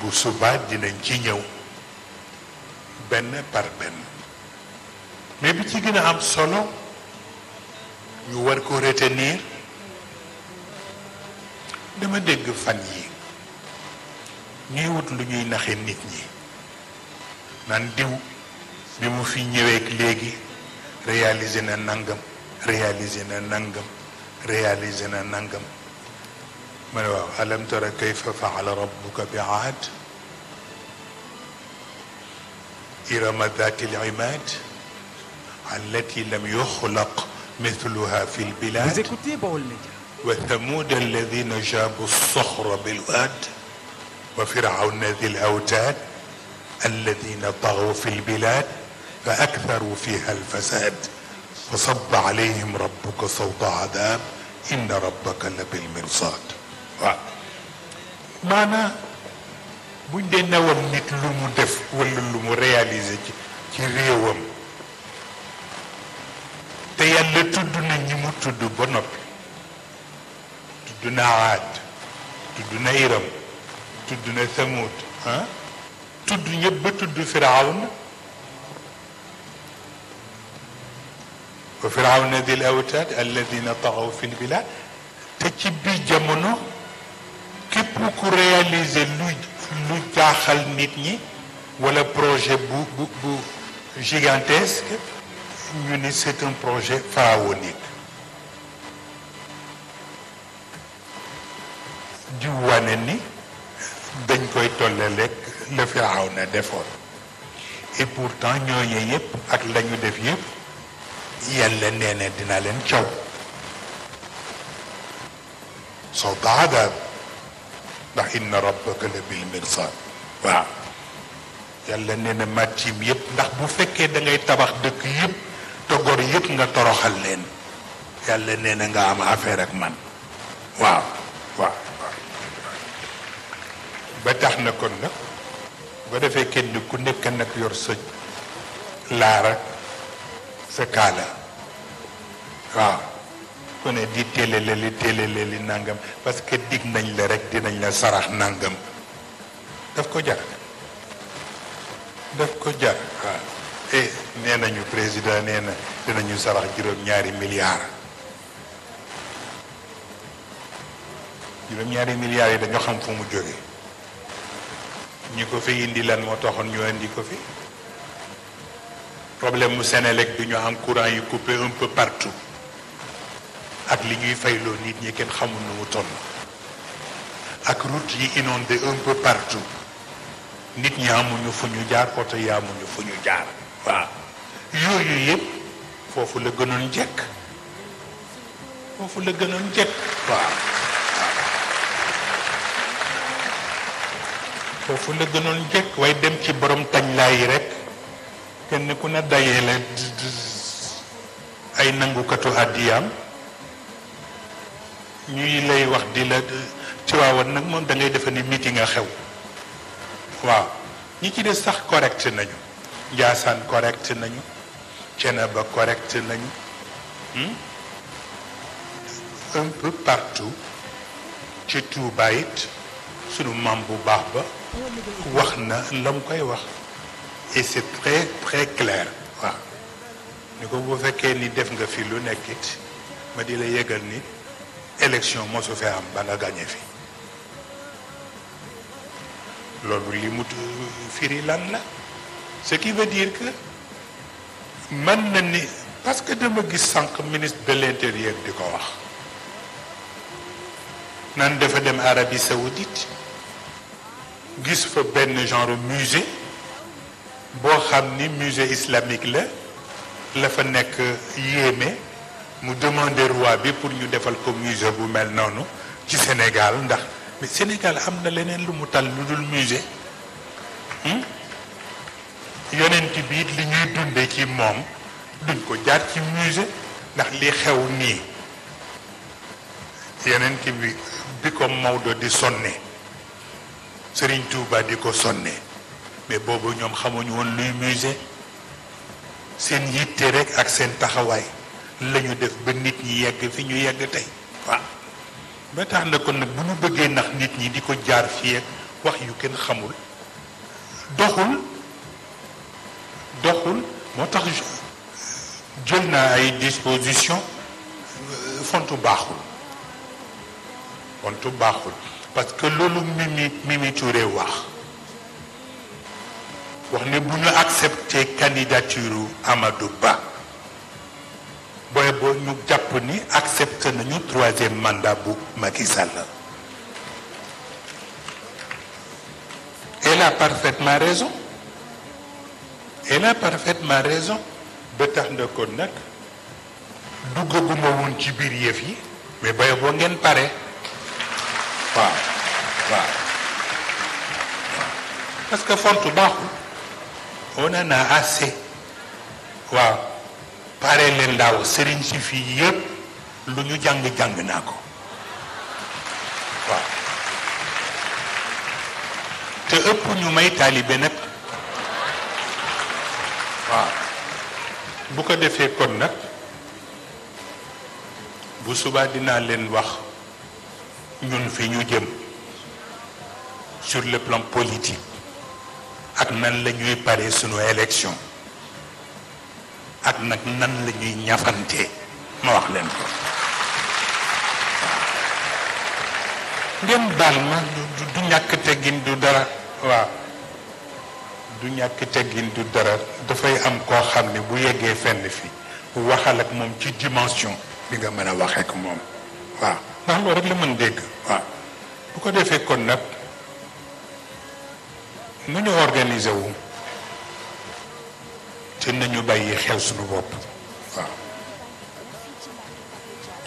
bu subaa dinañ ci ñëw benn par benn mais bi ci gën a am solo ñu war ko retenir dama dégg fan yi ñuy wut lu ñuy naxe nit ñi naan diw bi mu fi ñëweek léegi réalisé na nangam réalisé na nangam réalisé na nangam ma ne waaw alam tara kayfa faala rabbuka bi aad irama dati l imad allati lam yuxlaq mithluha fi lbilad wa thamuda alladina jaabu soxra bilwad wa firawna di l awtaad alladina taxaw fi lbilad fa aktharu fiha alfasad fa sabba alayhim rabbuka sawta adab inna rabbaka la bil mirsad waaw maanaa buñ dee nawal nit lu mu def wala lu mu réaliser ci ci réewam te yàlla tudd na ñi mu tudd ba noppi tudd na aad tudd na iram tudd na samuud ah tudd ñëpp ba tudd firawna wa firawna dil awtaad alladina taxaw fi lbilad te ci biir jamono képp ku réaliser lu jaaxal nit ñi wala projet bu bu bu gigantesque ñu ni c'est un projet pharaonique di wane ni dañ koy tollaleeg la Firawna defoon et pourtant ñooñu yëpp ak lañu def yëpp yàlla nee na dina leen coow soo ba adaab ndax inna rabbaka la bil mirsaad waaw yàlla nee na yépp ndax bu fekkee dangay tabax dëkk yépp te yépp nga toroxal leen yàlla nee nga am affaire rek man waaw ba tax na ko nag ba defee kenn ku nekk nag yor sëj laara sa kaala waaw ku ne di téeleleli téeleleli nangam parce que dig nañ la rek dinañ la sarax nangam daf ko jar daf ko jar waaw e nee nañu président nee na dinañu sarax juróom-ñaari milliards juróom-ñaari milliards yi dañoo xam fu mu jóge ñi ko fi indi lan moo taxoon ñu indi ko fi problème mu Sénélec du ñu am courant yi coupé un peu partout ak li ñuy fayloo nit ñi kenn xamul ak route nit ñi amuñu fu ñu jaar oto yi fu ñu jaar waaw yooyu yëpp foofu la gënoon jekk foofu la gënoon jekk waaw foofu la gënoon jekk waaye dem ci borom tañ laay rek kenn ku ne dayele ay nangukatu àddiyaam ñuy lay wax di la ci waawoon nag moom da defa defe ni meeting a xew waaw ñi ci des sax correct nañu Njaasaan correct nañu Ceneba correct nañu hmm? un peu partout ci Tuuba sunu maam bu baax ba wax na la mu koy wax et c'est très très clair waaw ni ko bu fekkee ni def nga fi lu nekkit ma di la yëgal ni élection mosu fee am ba nga gàñe fi loolu li mu lan la ce qui veut dire que mën na ni parce que dama gis sànq ministre de l'intérieur di ko wax nan dafa dem Arabie Saoudite gis fa benn genre musée boo xam ni musée islamique la la fa nekk yéeme mu demandé roi bi pour ñu defal ko musée bu mel noonu ci Sénégal ndax mais Sénégal am na leneen lu mu tal lu dul musée hmm? yonent bi li ñuy dunde ci moom duñ ko jaar ci musée ndax li xew nii yonent bi bi ko Maodo di sonne sëriñ tuuba di ko sonne mais boobu ñoom xamuñu woon luy musée seen yitte rek ak seen taxawaay lañu def ba nit ñi yegg fi ñu yegg tey waaw ba tax na kon nag bu ñu bëggee nax nit ñi di ko jaar fii ak wax yu kenn xamul doxul doxul moo tax jël naa ay disposition euh, fontu baaxul fontu baaxul parce que loolu Mimi Mimi Touré wax wax ne bu ñu accepté candidature Amadou Ba booy boo ñu jàpp ni accepté nañu troisième mandat bu Macky Sall. elle a parfaitement raison elle parfaitement raison ba tax na ko nag duggaguma woon ci biir yëf yi mais booy boo ngeen pare waaw waaw parce que fontu baaxul. on en a assez waaw pare leen daaw sëriñ si fii yëpp lu ñu jàng jàng naa ko waaw te ëpp ñu may taalibe nag waaw bu ko defee kon nag bu subaa dinaa leen wax ñun fi ñu jëm sur le plan politique ak nan la ñuy pare sunu élection ak nag nan la ñuy ñafante ma wax leen ko ngeen baal ma du ñàkk teggin du dara waaw du ñàkk teggin du dara dafay am koo xam ne bu yeggee fenn fi waxal ak moom ci dimension bi nga mën a waxee ak moom waaw ndax loolu rek la mën dégg waaw bu ko defee kon nag nu ñu organisé wu te nañu bàyyi xel suñu bopp waaw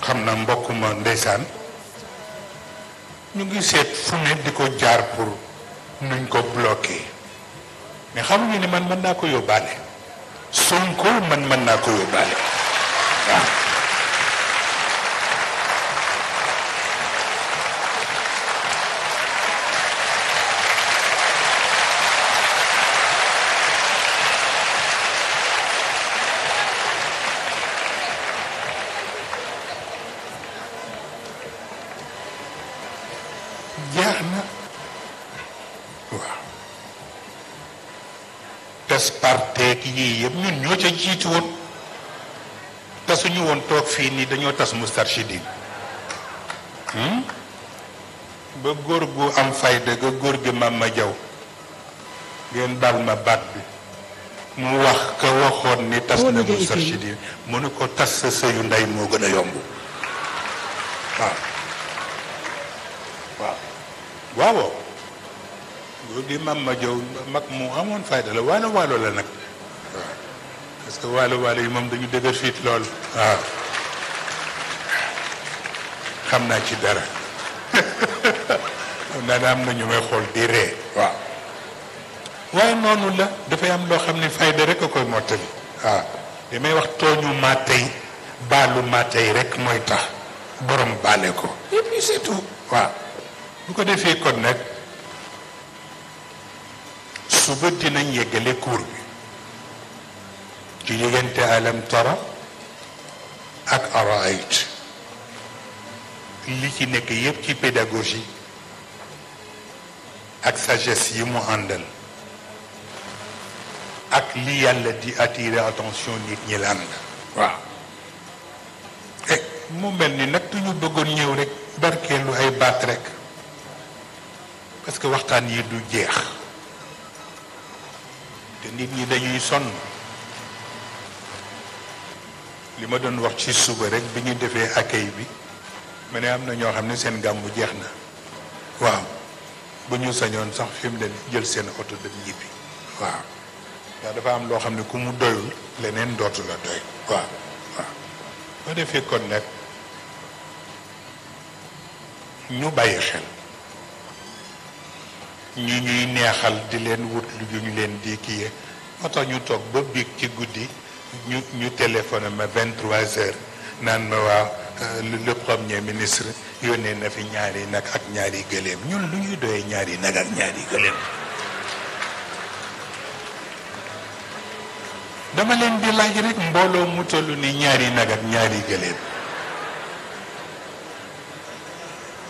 xam na mbokk ma ndeysaan ñu ngi seet fu ne di ko jaar pour nuñ ko bloqué mais xam xamuñu ni man mën naa ko yóbbaale Sonko man mën naa ko yóbbaale waaw dañoo tas Moustarchidine hmm? ba góor gu am fayda ga góor gi mam ma jaw ngeen baal ma baat bi mu wax ka waxoon ni tas na Moustarchidine mu ne ko tas sa sëyu ndey moo gën a yomb waaw waaw waawoo góor gi mam ma jaw mag mu amoon fayda la waalo waalo la nag parce que waalo waalo yi moom dañu dëgër fiit lool waaw xam naa ci dara xam naa am na ñu may xool di ree waaw waaye noonu la dafay am loo xam ne fayda rek a koy mottali waaw li may wax tooñu maa tey baalu maa tey rek mooy tax borom baale ko et puis c'est tout waaw ko defee kon nag suba dinañ yeggale cours bi ci diggante alam tara ak araayit li ci nekk yépp ci pédagogie ak sagesse yi mu àndal ak li yàlla di attirer attention nit ñi la ànd e mu mel ni nag tu ñu bëggoon ñëw rek barkeelu ay baat rekk parce que waxtaan yi du jeex te nit ñi dañuy sonn li ma doon wax ci suba rek bi ñu defee accueil bi ma ne am na ñoo xam ne seen gàmmu jeex na waaw bu ñu sañoon sax fi mu ne jël seen oto dem ñibbi waaw ndax dafa am loo xam ne ku mu doyul leneen dootu la doy waaw waaw boo defee kon nag ñu bàyyi xel ñi ñuy neexal di leen wut lu ñu leen di kiiyee moo tax ñu toog ba biig ci guddi ñu ñu téléphone ma vingt-trois heures naan ma waaw Euh, le premier ministre yónnee na fi ñaari nag ak ñaari gëléem ñun lu ñuy doyee ñaari nag ak ñaari gëléem dama leen di laaj rek mbooloo mu toll ni ñaari nag ak ñaari gëléem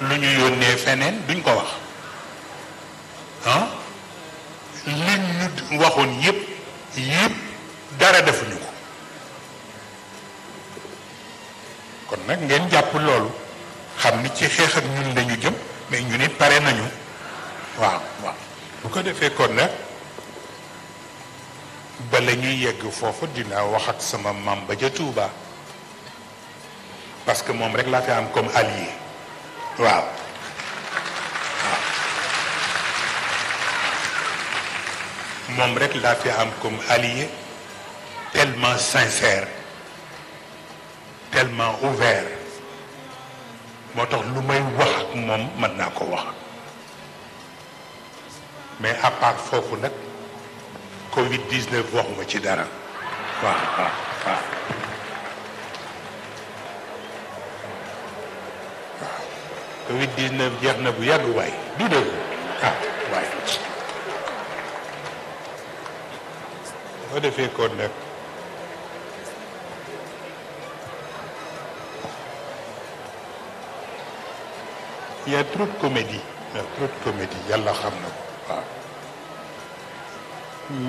lu ñu yónnee feneen duñ ko wax ah liñ ñu waxoon yëpp yëpp dara defuñu ko kon nag ngeen jàpp loolu xam ni ci xeex ak ñun lañu jëm mais ñu nit pare nañu waaw waaw bu ko defee kon nag bala ñuy yegg foofu dinaa wax ak sama maam ba ja Touba parce que moom rek laa fi am comme allié waaw moom rek laa fi am comme allié tellement sincère tellement ouvert moo tax lu may wax ak moom mën naa ko wax mais à part foofu nag Covid 19 waxuma ci dara waaw waaw Covid 19 jeex na bu yàgg waay du dégg ah waay. boo defee kon nag. il y a comédie il y a comédie yàlla xam na ko waaw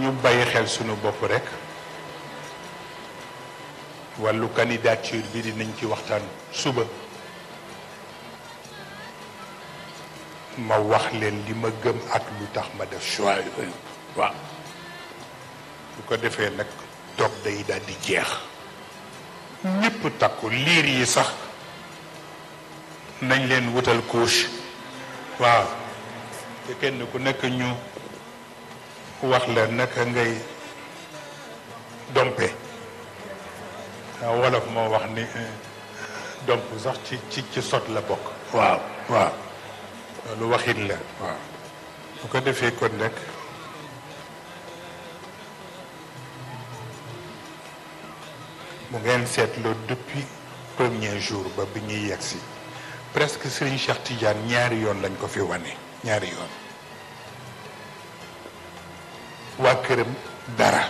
ñu bàyyi xel sunu bopp rek wàllu candidature bi dinañ ci waxtaan suba ma wax leen li ma gëm ak lu tax ma def choix waaw bu ko defee nag toog day daldi jeex ñépp takku liir yi sax nañ leen wutal couche waaw te kenn ku nekk ñu wax la naka ngay dompe waaw wolof moo wax ni euh, domp sax ci ci ci sot la bokk waaw waaw loolu waxit la waaw bu ko defee kon rek bu ngeen seetloo depuis premier jour ba bi ñuy yegsi presque Serigne Cheikh Tidiane ñaari yoon lañ ko fi wane ñaari yoon waa këram dara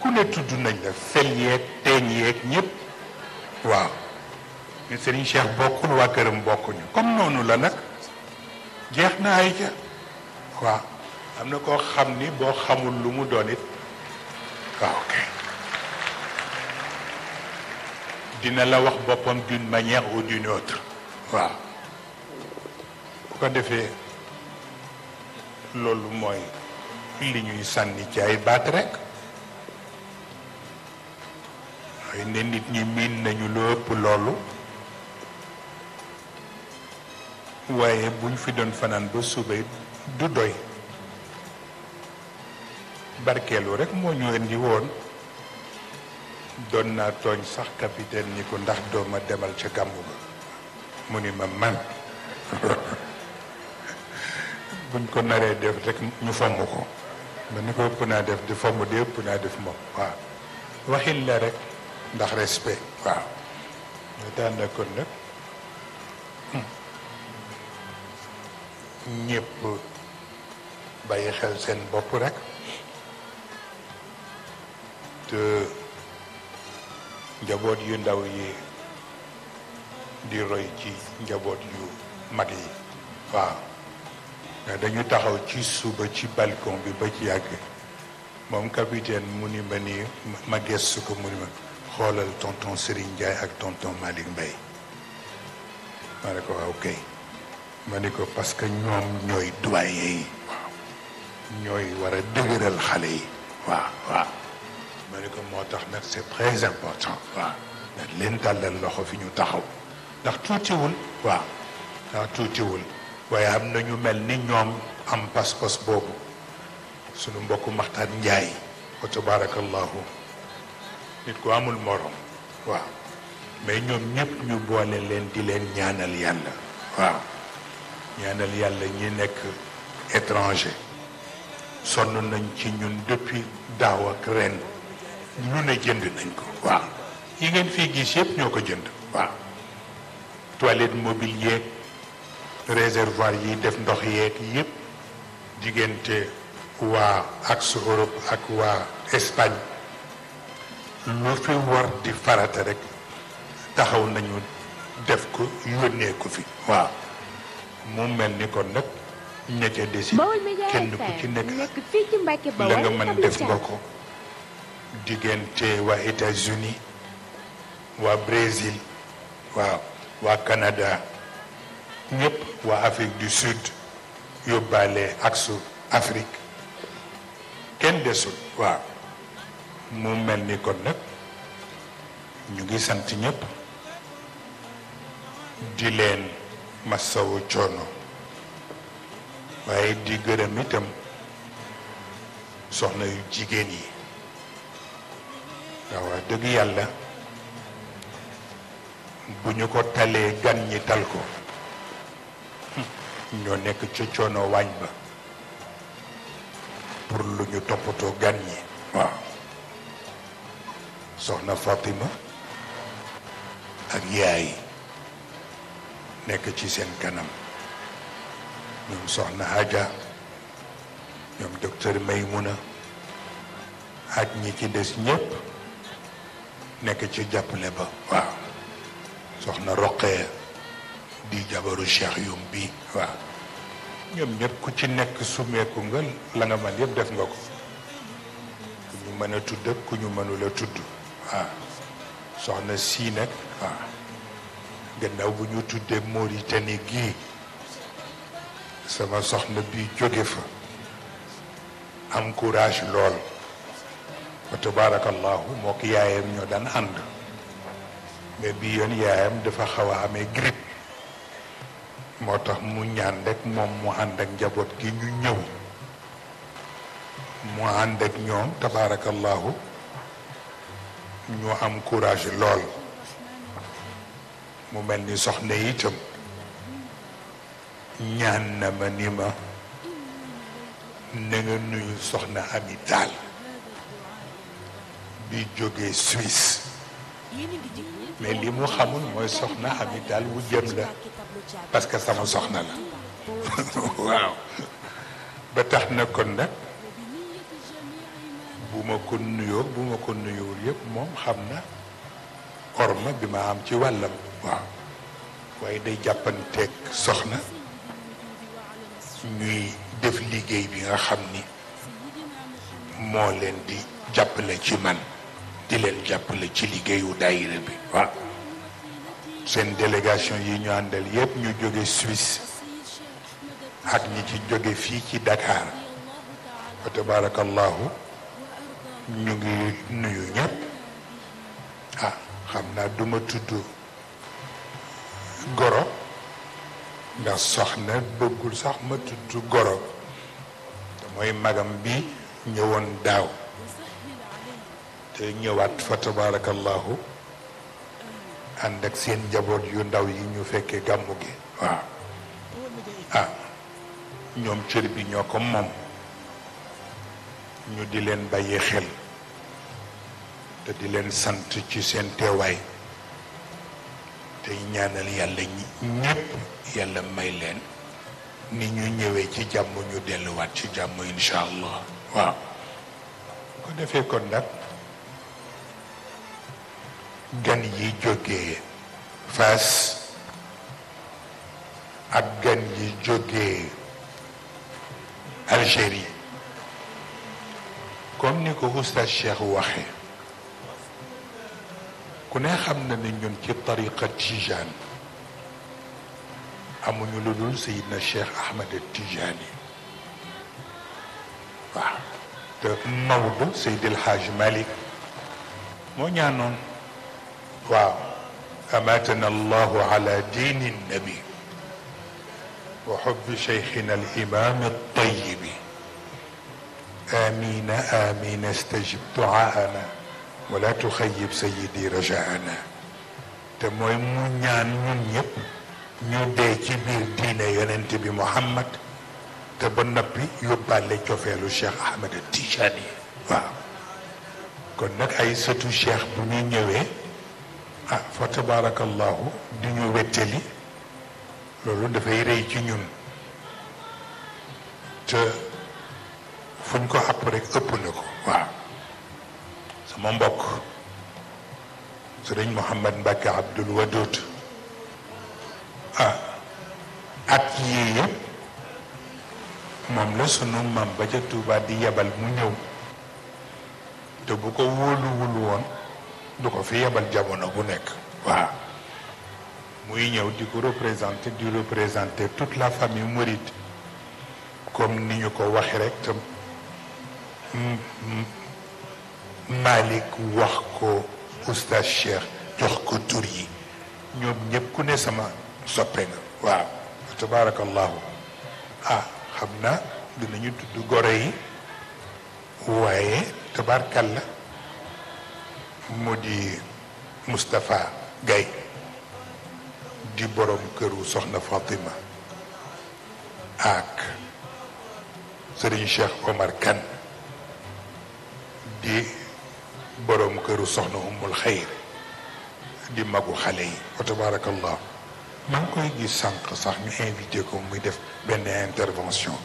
ku ne tudd nañ la fel yeeg teeñ yeeg ñëpp waaw ñu Serigne Cheikh bokkul waa këram bokkuñu comme noonu la nag jeex na ay ja waaw am na koo xam ni boo xamul lu mu doon waaw kay dina la wax boppam d'une manière ou d'une autre waaw bu ko defee loolu mooy li ñuy sànni ci ay baat rekk waaye ne nit ñi miin nañu lu ëpp loolu waaye bu ñu fi doon fanaan ba suba du doy barkeelu rekk moo ñu indi woon doon naa tooñ sax capitaine ni ko ndax dooma demal ca gàmmu ba mu ni ma man buñ ko naree def rek ñu fomm ko ma ni ko ëpp naa def di fomm di ëpp naa def moom waaw waxin la rek ndax respect waaw ñu daan na kon nag hmm. ñëpp bàyyi xel seen bopp rek te njaboot yu ndaw yi di roy ci njaboot yu mag yi waaw eh, dañu taxaw ci suba ci balcon bi ba ci yàgg moom capitaine mu ni ma ni ma gëstu ko mu ni ma xoolal tonton Serigne Ndiaye ak tonton Malick Mbaye ma ko ma ni ko parce que ñoom ñooy doyen yi waaw ñooy war dëgëral xale yi waaw waaw ma ne ko moo tax nag c'est très important waaw nag leen tàllal loxo fi ñu taxaw ndax tuutiwul waaw ndax tuutiwul waaye am na ñu mel ni ñoom am pas-pas boobu sunu mbokku maxtaan njaay wa tabarakallahu nit ku amul morom waaw mais ñoom ñëpp ñu boole leen di leen ñaanal yàlla waaw ñaanal yàlla ñi nekk étranger sonn nañ ci ñun depuis daaw ak ren lu ne jënd nañ ko waaw yi ngeen fii gis yëpp ñoo ko jënd waaw toilette mobile yeeg réservoir yi def ndox yeeg yëpp diggante waa axe Europe ak waa Espagne lu fi war di farata rek taxaw nañu def ko yónnee ko fi waaw mu mel ni kon nag ñettee desi kenn ku ci nekk la nga mën def nga ko diggante waa États-Unis waa Brésil waaw waa Canada ñëpp waa Afrique du Sud yóbbaale ak Afrique kenn desul waaw mu mel ni kon nag ñu ngi sant ñëpp di leen masawu coono waaye di gërëm itam soxna yu jigéen yi waaw wax dëgg yàlla bu ñu ko talee gan ñi tal ko ñoo nekk ca coono waañ ba pour lu ñu toppatoo gan ñi waaw soxna Fatima ak yaay nekk ci seen kanam ñoom soxna Haja ñoom docteur Maymuna ak ñi ci des ñëpp nekk ci jàppale ba waaw soxna roqee di jabaru cheikh yum bi waaw ñoom ñëpp ku ci nekk sumeeku nga la nga man yépp def nga ko ku ñu mën a tudd ak ku ñu mënula tudd waaw soxna sii nag waaw gannaaw bu ñu tuddee Mauritanie gii sama soxna bi jóge fa am courage lool fa tabaarakallaahu moo ki yaayam ñoo daan ànd mais bi yoon yaayam dafa xaw a amee grippe moo tax mu ñaan rek moom mu ànd ak njaboot gi ñu ñëw mu ànd ak ñoom tabaarakallaahu ñu am courage lool mu mel ni soxna itam ñaan na ma ni ma na nuyu soxna ami daal bi jógee Suisse mais li mu xamul mooy soxna amit daal wu jëm la parce que sama soxna la waaw ba tax na kon nag bu ma ko nuyoo bu ma ko nuyuwul yëpp moom xam na orma bi ma am ci wàllam waaw waaye day jàppanteeg soxna ñuy def liggéey bi nga xam ni moo leen di jàppale ci man di leen jàppale ci liggéeyu daayira bi waaw seen délégation yi ñu àndal yépp ñu jóge Suisse ak ñi ci jóge fii ci Dakar wa tabarakallahu ñu ngi nuyu ñépp ah xam naa duma tudd goro ndax soxna bëggul sax ma tudd goro te mooy magam bi ñëwoon daaw ñëwaat fa tabaarakallaahu ànd ak seen njaboot yu ndaw yi ñu fekkee gàmmu gi waaw ah ñoom cër bi ñoo ko moom ñu di leen bàyyi xel te di leen sant ci seen teewaay tey ñaanal yàlla ñépp yàlla may leen ni ñu ñëwee ci jàmm ñu delluwaat ci jàmm incha allah waaw ko defee kon nag gan yi jógee Fas ak gan yi jógee Algérie comme ni ko Oustaz Cheikh waxe ku ne xam na ne ñun ci tariqa tijaan amuñu lu dul Seydina Cheikh Ahmed Tijaani waaw te Maodo Seydil Hadj Malick moo ñaanoon waaw amatana allahu ala diini nabi wa xubbi cheikhina al imam altayibi amina amina stajib duaana wala tuxayib sayidi rajaana te mooy mu ñaan ñun ñëpp ñu dee ci biir diine yonent bi Muhammad te ba noppi yóbbaale cofeelu Cheikh Ahmed Tidiane waaw kon nag ay sëtu Cheikh bu ñu ñëwee ah fa tabaarakallaahu di ñu wettali loolu dafay rëy ci ñun te fuñ ko àpp rek ëpp na ko waaw sama mbokk sëriñ Mouhamad Mbacke Abdoul Wadoud ah at yii yëpp moom la sunu maam ba ca Touba di yebal mu ñëw te bu ko wóoluwul woon du ko fi yebal jamono bu nekk waaw muy ñëw di ko représenter di représenter tout la famille mouride comme ni ñu ko waxe rek te Malick wax ko oustaz Cheikh jox ko tur yi ñoom ñëpp ku ne sama soppe nga waaw tabarakallahu ah xam na dinañu tudd gore yi waaye la mu di Moustapha Gaye di boroom këru soxna Fatima ak Serigne Cheikh Omar Kane di borom këru soxna Umul Xayr di magu xale yi wa tabarakallah maa ngi koy gis sànq sax ñu invité ko muy def benn intervention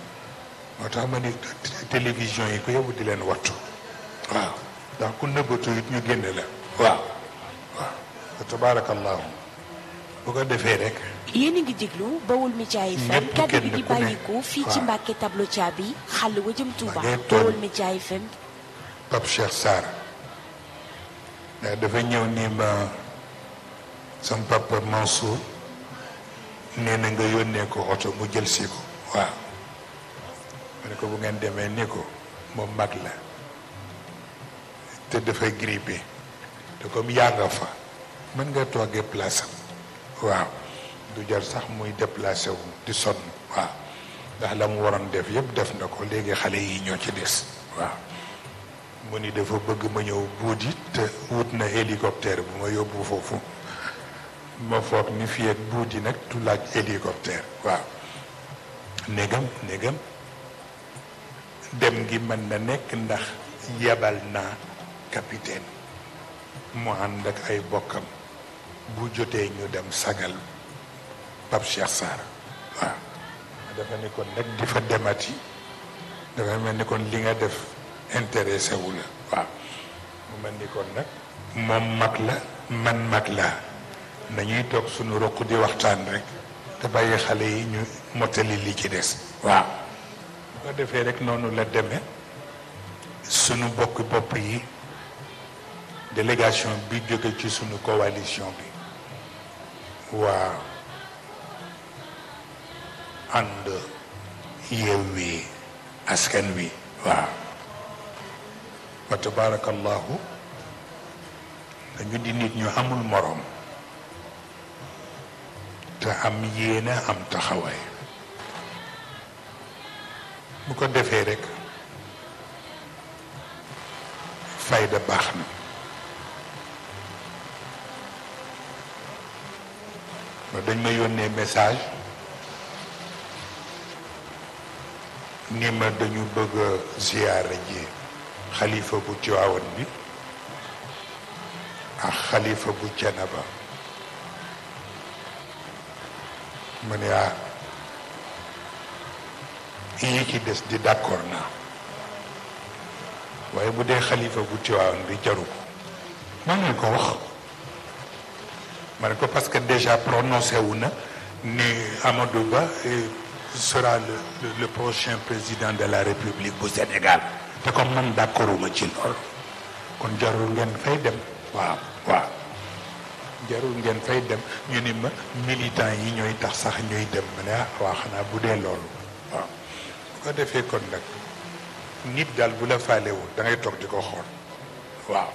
moo tax ma ni télévision yi ko yow di leen wattu waaw ndax ku nëbbatu it ñu génne la waaw waaw fa tabaarakallaahu bu ko defee rek yéen a ngi déglu Baol Média FM kaddu gi di bàyyiku fii ci Mbàkke tableau caabi xàll wa jëm Tuuba Baol Média FM Pape Cheikh Sarr ndax dafa ñëw nii ba sama papa Mansour nee nga yónnee ko oto mu jël si ko waaw ma ne ko bu ngeen demee ni ko moom mag la te dafa grippé te comme yaa fa mën nga toogee place waaw du jar sax muy déplacé wu di sonn waaw ndax la mu waroon def yëpp def na ko léegi xale yi ñoo ci des waaw mu ni dafa bëgg ma ñëw buuti te wut na hélicoptère bu ma yóbbu foofu ma foog ni fii ak buuti nag du laaj hélicoptère waaw néegam négam dem gi mën na nekk ndax yebal naa capitaine mu ànd ak ay bokkam bu jotee ñu dem sagal Pape Cheikh Sarr waaw dafa ne kon nag di fa demati dafa mel ni li nga def intéressé wu la waaw mu mel ni nag moom mag la man mag laa nañuy toog suñu roq di waxtaan rek te bàyyi xale yi ñu mottali li ci des waaw bu ko defee rek noonu la demee sunu bokk bopp yi délégation bi jóge ci sunu coalition bi waa ànd Yewwi Askan Wi waaw wa tabarakallahu dañu di nit ñu amul morom te am yéene am taxawaay bu ko defee rekk fayda baax na dañ ma yónnee message ni ma dañu bëgg a ziyaara ji xalifa bu Tiwaawan bi ak xalifa bu Cenaba ma ne ah ci des di d'accord naa waaye bu dee xalifa bu Tiwaawan bi jaru ko ma ne ko wax ma ne ko parce que déjà prononcé wu na ni Amadou Ba euh, sera le, prochain président de la République bu Sénégal te comme man d'accorduma ci lool kon jarul ngeen fay dem waaw waaw jarul ngeen fay dem ñu ni ma militant yi ñooy tax sax ñooy dem ma ne ah waa xanaa bu dee loolu waaw bu ko defee kon nag nit daal bu la faalewul da ngay toog di ko xool waaw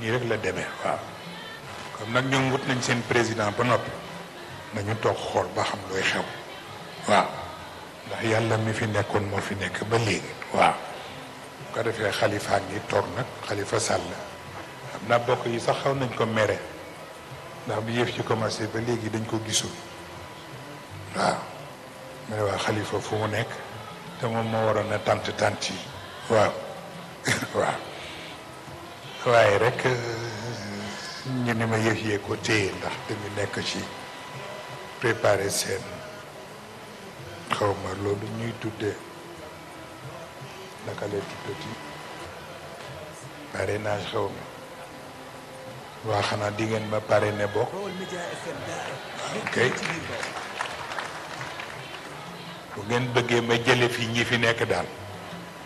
nii rek la demee waaw comme nag ñoom wut nañ seen président ba noppi nañu toog xool ba xam looy xew waaw ndax yàlla mi fi nekkoon moo fi nekk ba léegi waaw bu defee xalifaa ngi toog nag xalifa sàll xam naa bokk yi sax xaw nañ ko mere ndax bi yëf ci commencé ba léegi dañ ko gisul waaw mu xalifa fu mu nekk te moom moo waroon a tànt tànt yi waaw waaye rek euh, ñu ma yëf yee ko téye ndax dañu nekk ci préparer seen xawma loolu ñuy tudde naka lay tuddati parrainage xaw ma waa xanaa di ngeen ma parrainé bokk ok bu ngeen bëggee ma jële fi ñi fi nekk daal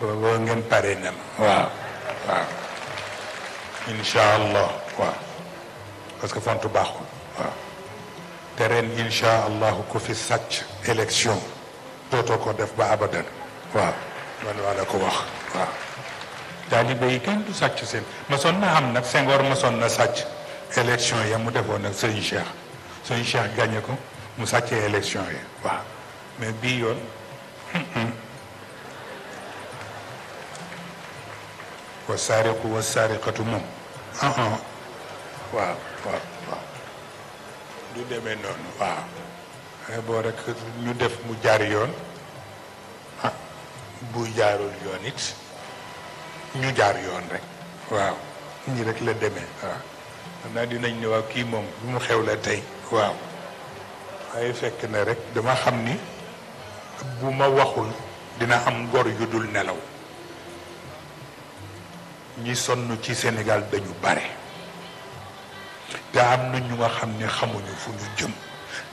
boo ngeen parrainé ma waaw waaw allah waaw parce que font baaxul waaw te ren insha allahu ku fi sàcc élection dootoo ko def ba abadan waaw man la ko wax waaw taalibe yi kenn du sàcc seen masoon na am nag Senghor masoon na sàcc élection ya mu defoon nag sëñ Cheikh sëñ Cheikh gagné ko mu sàccee élection yi waaw mais bii yoon wa saariqu wa saariqatu moom ah, ah. waaw waaw waaw du demee noonu waaw mais eh, boo ñu def mu jaar yoon ah bu jaarul yoon it ñu jaar yoon rekk waaw ñi rek la deme waaw xam naa dinañ ne waaw kii moom lu mu xew la tey waaw waaye fekk na rek dama xam ni bu ma waxul dina am gor yu dul nelaw ñi sonn ci senegal dañu bare te am na ñu nga xam ne xamuñu fu ñu jëm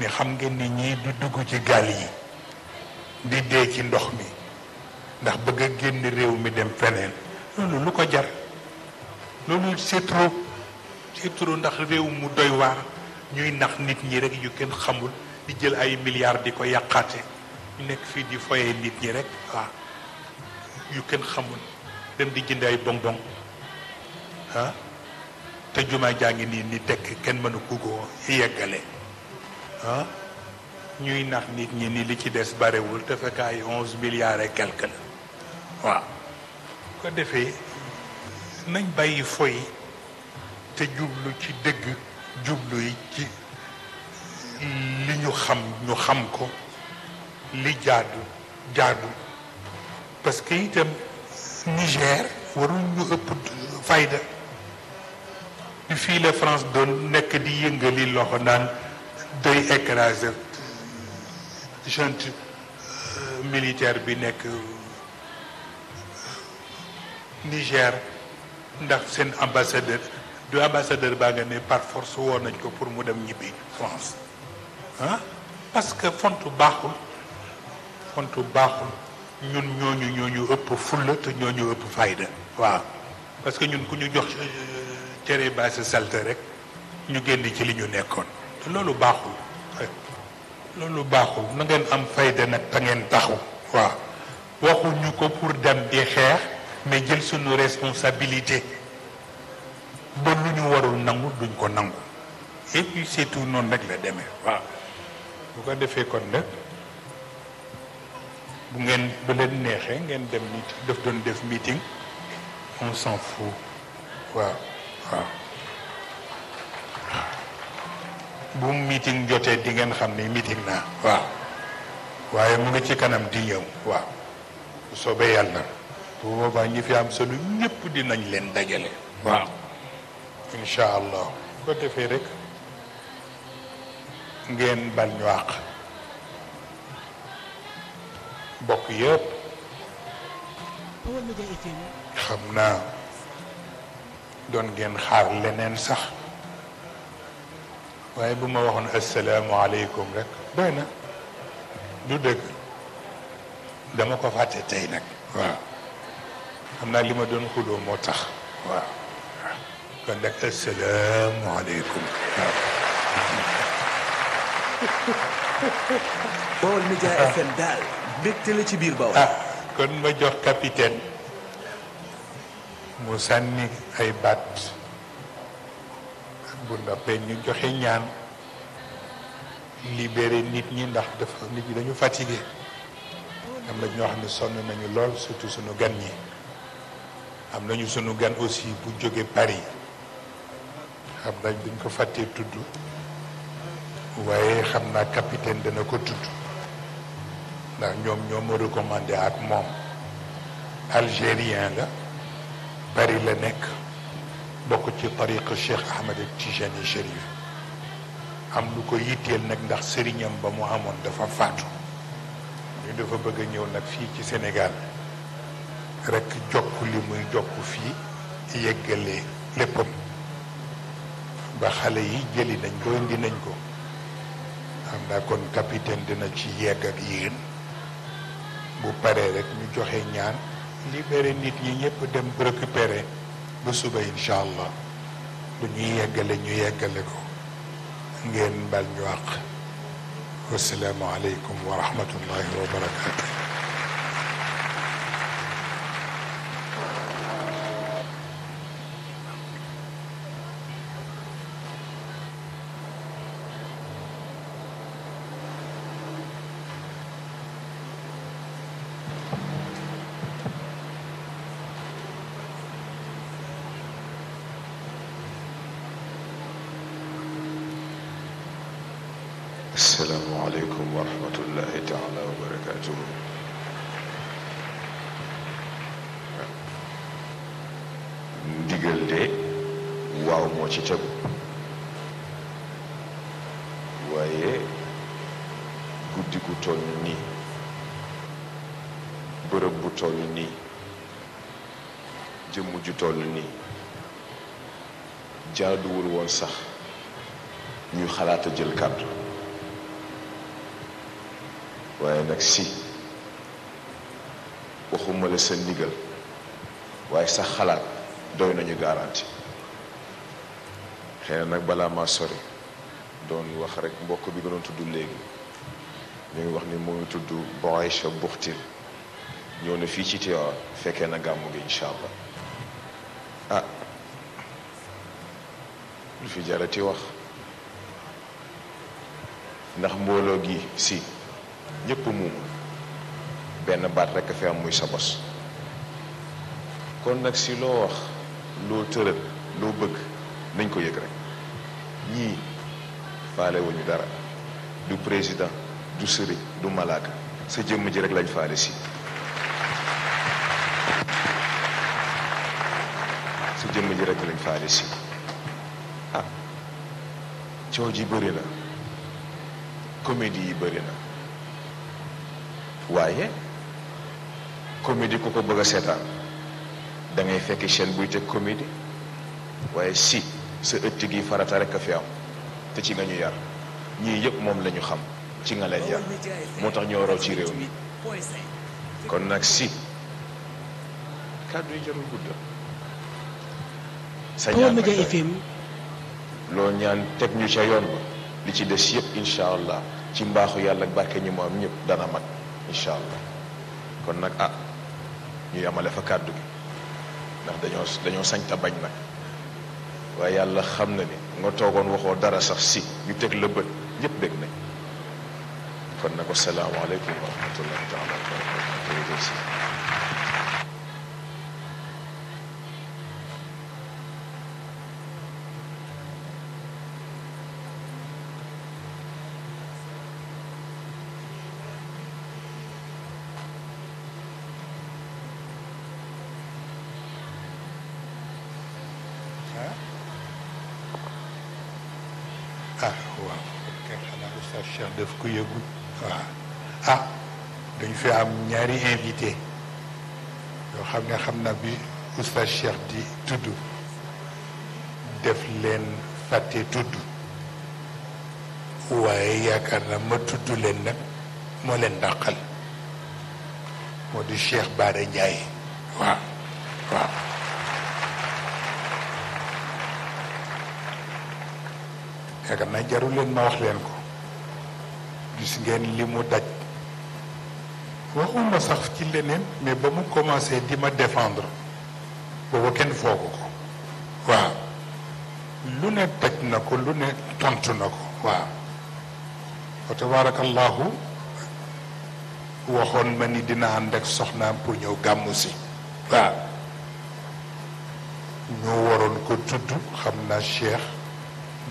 mais xam ngeen ni ñii du dugg ci gaal yi di dee ci ndox mi ndax bëgg a génn réew mi dem feneen loolu lu ko jar loolu c'est trop ndax réew mu doy waar ñuy nax nit ñi rek yu kenn xamul di jël ay milliards di ko yàqaate nekk fii di foyee nit ñi rek waaw yu kenn xamul dem di jënd ay bonbon ah te jumaa jaa ngi nii ni tekk kenn mënu ko yeggale ah? ñuy nax nit ñi ni li ci des barewul te fekk ay onze milliards quelque la waaw ko defee nañ bàyyi foy te jublu ci dëgg jublu yi ci li ñu xam ñu xam ko li jaadu jaadu parce que itam Niger waruñ ñu ëpp fayda fii la France doon nekk di yëngali loxo naan day écraser junte euh, militaire bi nekk euh, Niger ndax seen ambassadeur du ambassadeur baa nga ne par force nañ ko pour mu dem ñibbi France ah parce que fontu baaxul fontu baaxul ñun ñooñu ñooñu ëpp fulla te ñooñu ëpp fayda waaw parce ñun ku ñu jox euh, cere baa sa salte rek ñu génn ci li ñu nekkoon te loolu baaxul loolu baaxul na ngeen am fayda nag te ngeen taxu waaw waxuñu ko pour dem di xeex mais jël suñu responsabilité ba lu ñu warul nangu duñ ko nangu et puis c'est noonu rek la demee waaw bu ko defee kon nag bu ngeen bu leen neexee ngeen dem nit daf doon def meeting on waaw waaw bu meeting jotee di ngeen xam ni meeting naa waaw waaye mu ngi ci kanam di ñëw waaw bu soobee yàlla bu boobaa ñi fi am solo ñëpp dinañ leen dajale waaw incha allah ko defee rek ngeen bal ñu àq bokk yëpp xam naa doon gen xaar leneen sax waaye bu ma waxoon asalaamualeykum rek doy na du dëgg dama ko fàtte tey nag waaw xam naa li ma doon xuloo moo tax waaw kon nag asalaamualeykum waaw Baol Média FM daal mbégte la ci biir Baol ah, kon ma jox mu sànni ay baat bu noppee ñu joxe ñaan libéré nit ñi ndax dafa nit ñi dañu fatigué am na ñoo xam ne sonn nañu lool surtout sunu gan ñi am nañu sunu gan aussi bu jóge Paris xam nañ duñ ko fàttee tudd waaye xam naa capitaine dana ko tudd ndax ñoom ñoo ma recommandé ak moom algérien la Paris la nekk bokk ci tariqa Cheikh Ahmed Tijani Chérif am lu ko yitteel nag ndax sëriñam ba mu amoon dafa faatu ñu dafa bëgg ñëw nag fii ci Sénégal rekk jokk li muy jokk fii yeggalee léppam ba xale yi jëli nañ ko indi nañ ko xam naa kon capitaine dina ci yegga yéen bu paree rek ñu joxe ñaan libéré nit yi ñëpp dem récupérer bu suba incha allah bu ñuy yeggale ñu yeggale ko ngeen bal ñu àq wasalaamu aleykum wa rahmatullahi wa barakatu asalaamualeykum wa rahmatullahi taala wa barakatuhu ndigal de waaw moo ci tegu waaye guddi gu toll nii bërëb bu toll nii jëmm ju toll nii jaaduwul woon sax ñuy xalaat a jël kàddu waaye nag si waxuma la sa ndigal waaye sax xalaat doy nañu garanti xëy na nag balaa ma sori doon wax rek mbokk bi doon tudd léegi ñu ngi wax ni mu ngi tudd Boaïcha Buxtil ñëw na fii ci Tiwaawan fekkee na gàmmu gi incha allah ah lu fi jarati wax ndax mbooloo gi si ñëpp moom benn baat rekk fi am muy sa bos kon nag si loo wax loo tëral loo bëgg nañ ko yëg rek ñii faale wuñu dara du président du sëri du malaaka sa jëmm ji rek lañ faale si jëmm ji rek lañ ah coow ji bëri na comédie yi bëri na waaye comédie ku ko bëgg a seetaan da ngay fekk chaîne buy teg comédie waaye si sa ëtt gi farata rek a fi am te ci nga ñu yar ñii yëpp moom lañu xam ci nga leen yar moo tax ñoo raw ci réew mi kon nag si kàddu yi jarul gudd. sa ñaan loo ñaan teg ñu ca yoon ba li ci des yëpp incha allah ci mbaaxu yàlla ak barke ñi mu am ñëpp dana mat. incha allah kon nag ah ñuy amale fa kàddu gi ndax dañoo dañoo sañta bañ nag waaye yàlla xam na ni nga toogoon waxoo dara sax si ñu teg la bët ñëpp bég nañ kon nag asalaamaaleykum wa rahmatullahi taala wa barakatu sax def daf ko yëgu ah dañ fi am ñaari invité yoo xam ne xam na bi oustaz Cheikh di tudd def leen fàtte tudd waaye yaakaar na ma tudd leen nag moo leen dàqal moo di Cheikh Bara Ndiaye waaw waaw yaakaar na jaru leen ma wax leen ko gis ngeen li mu daj waxuma sax ci leneen mais ba mu commencé di ma defendre booba kenn foogu ko waaw lu ne daj na ko lu ne tontu na ko waaw wa tabarakallahu waxoon ma ni dina ànd ak soxnaam pour ñëw gàmmu si waaw ñoo waroon ko tudd xam naa Cheikh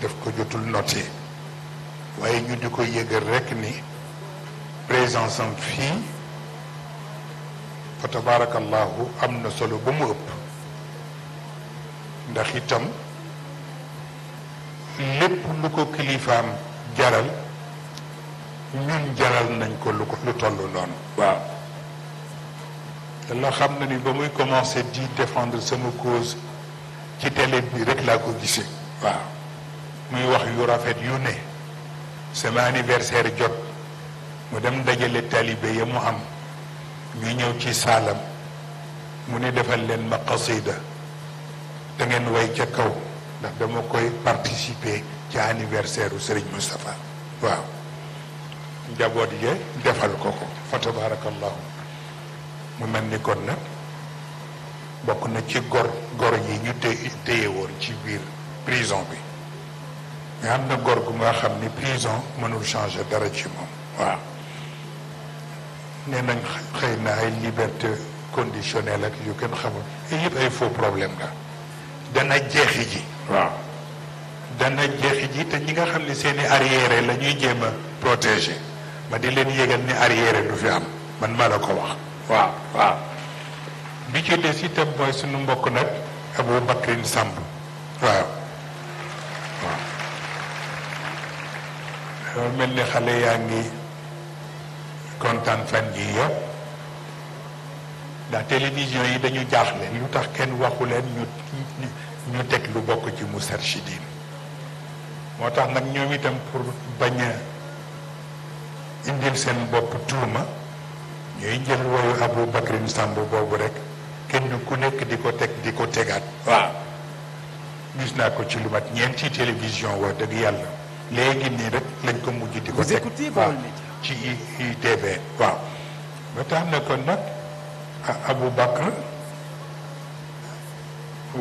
def ko jotul noté waaye ñu di ko yëgal rekk ni présence am fii hmm? fa tabarakallahu am na solo ba mu ëpp ndax itam lépp lu ko kilifaam jaral ñun jaral nañ ko lu ko toll noonu waaw loo xam na ni ba muy commencé di défendre sama cause ci télé bi rek laa ko gisee waaw muy wax yu rafet yu ne sama anniversaire jot mu dem dajale taalibe ya mu am ñu ñëw ci saalam mu ne defal leen ma qasida da way ca kaw ndax dama koy participer ci anniversaire sëriñ Serigne Moustapha waaw njaboot ye defal ko ko fa tabarakallahu mu mel ni kon nag bokk na ci gor gor yi ñu téye woon ci biir prison bi mais am na góor gu nga xam ni prison mënul changer dara ci moom waaw nee nañ xëy na ay liberté conditionnelle ak yu kenn xamul yëpp ay faux problème la dana jeexi ji waaw dana jeexi ji te ñi nga xam ni seeni arriéré lañuy ñuy jéem a protéger ma di leen yégal ni arriéré du fi am man ma la ko wax waaw waaw bi ci des itam mooy suñu mbokk nag Abou Bakrin Samb waaw dafa mel ni xale yaa ngi kontaan fan yi yëpp ndax télévision yi dañu jaaxle lu tax kenn waxu leen ñu ñu teg lu bokk ci Moustarchidine moo tax nag ñoom itam pour bañ a indil seen bopp tuuma ñooy jël woyu Abou Bakrin Samb boobu rek kenn ku nekk di ko teg di ko tegaat waa gis naa ko ci lu mat ñeenti télévision wax dëgg yàlla léegi nii rek lañ ko mujj di ko see waaw ci ITV waaw ba tax nag Abu Bakr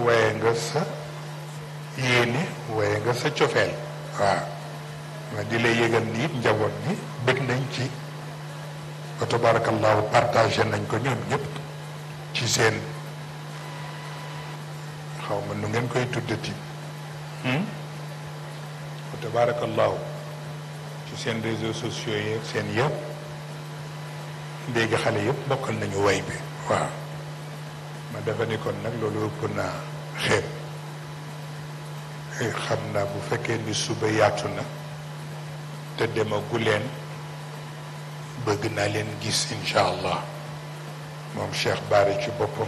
waaye nga sa yéene waaye nga sa cofeel waaw ma di lay yëgal ni it njaboot bi bëgg nañ ci ba tabarakallahu partagé nañ ko ñoom ñëpp ci seen xaw ma nu ngeen koy tuddati hmm? tabaarakallaahu ci seen réseaux sociaux yi seen yëpp léegi xale yëpp bokkal nañu way bi waaw ma dafa kon nag loolu ëpp naa xeeb xam naa bu fekkee ni suba yaatu na te demagu leen bëgg naa leen gis incha allah moom Cheikh Baare ci boppam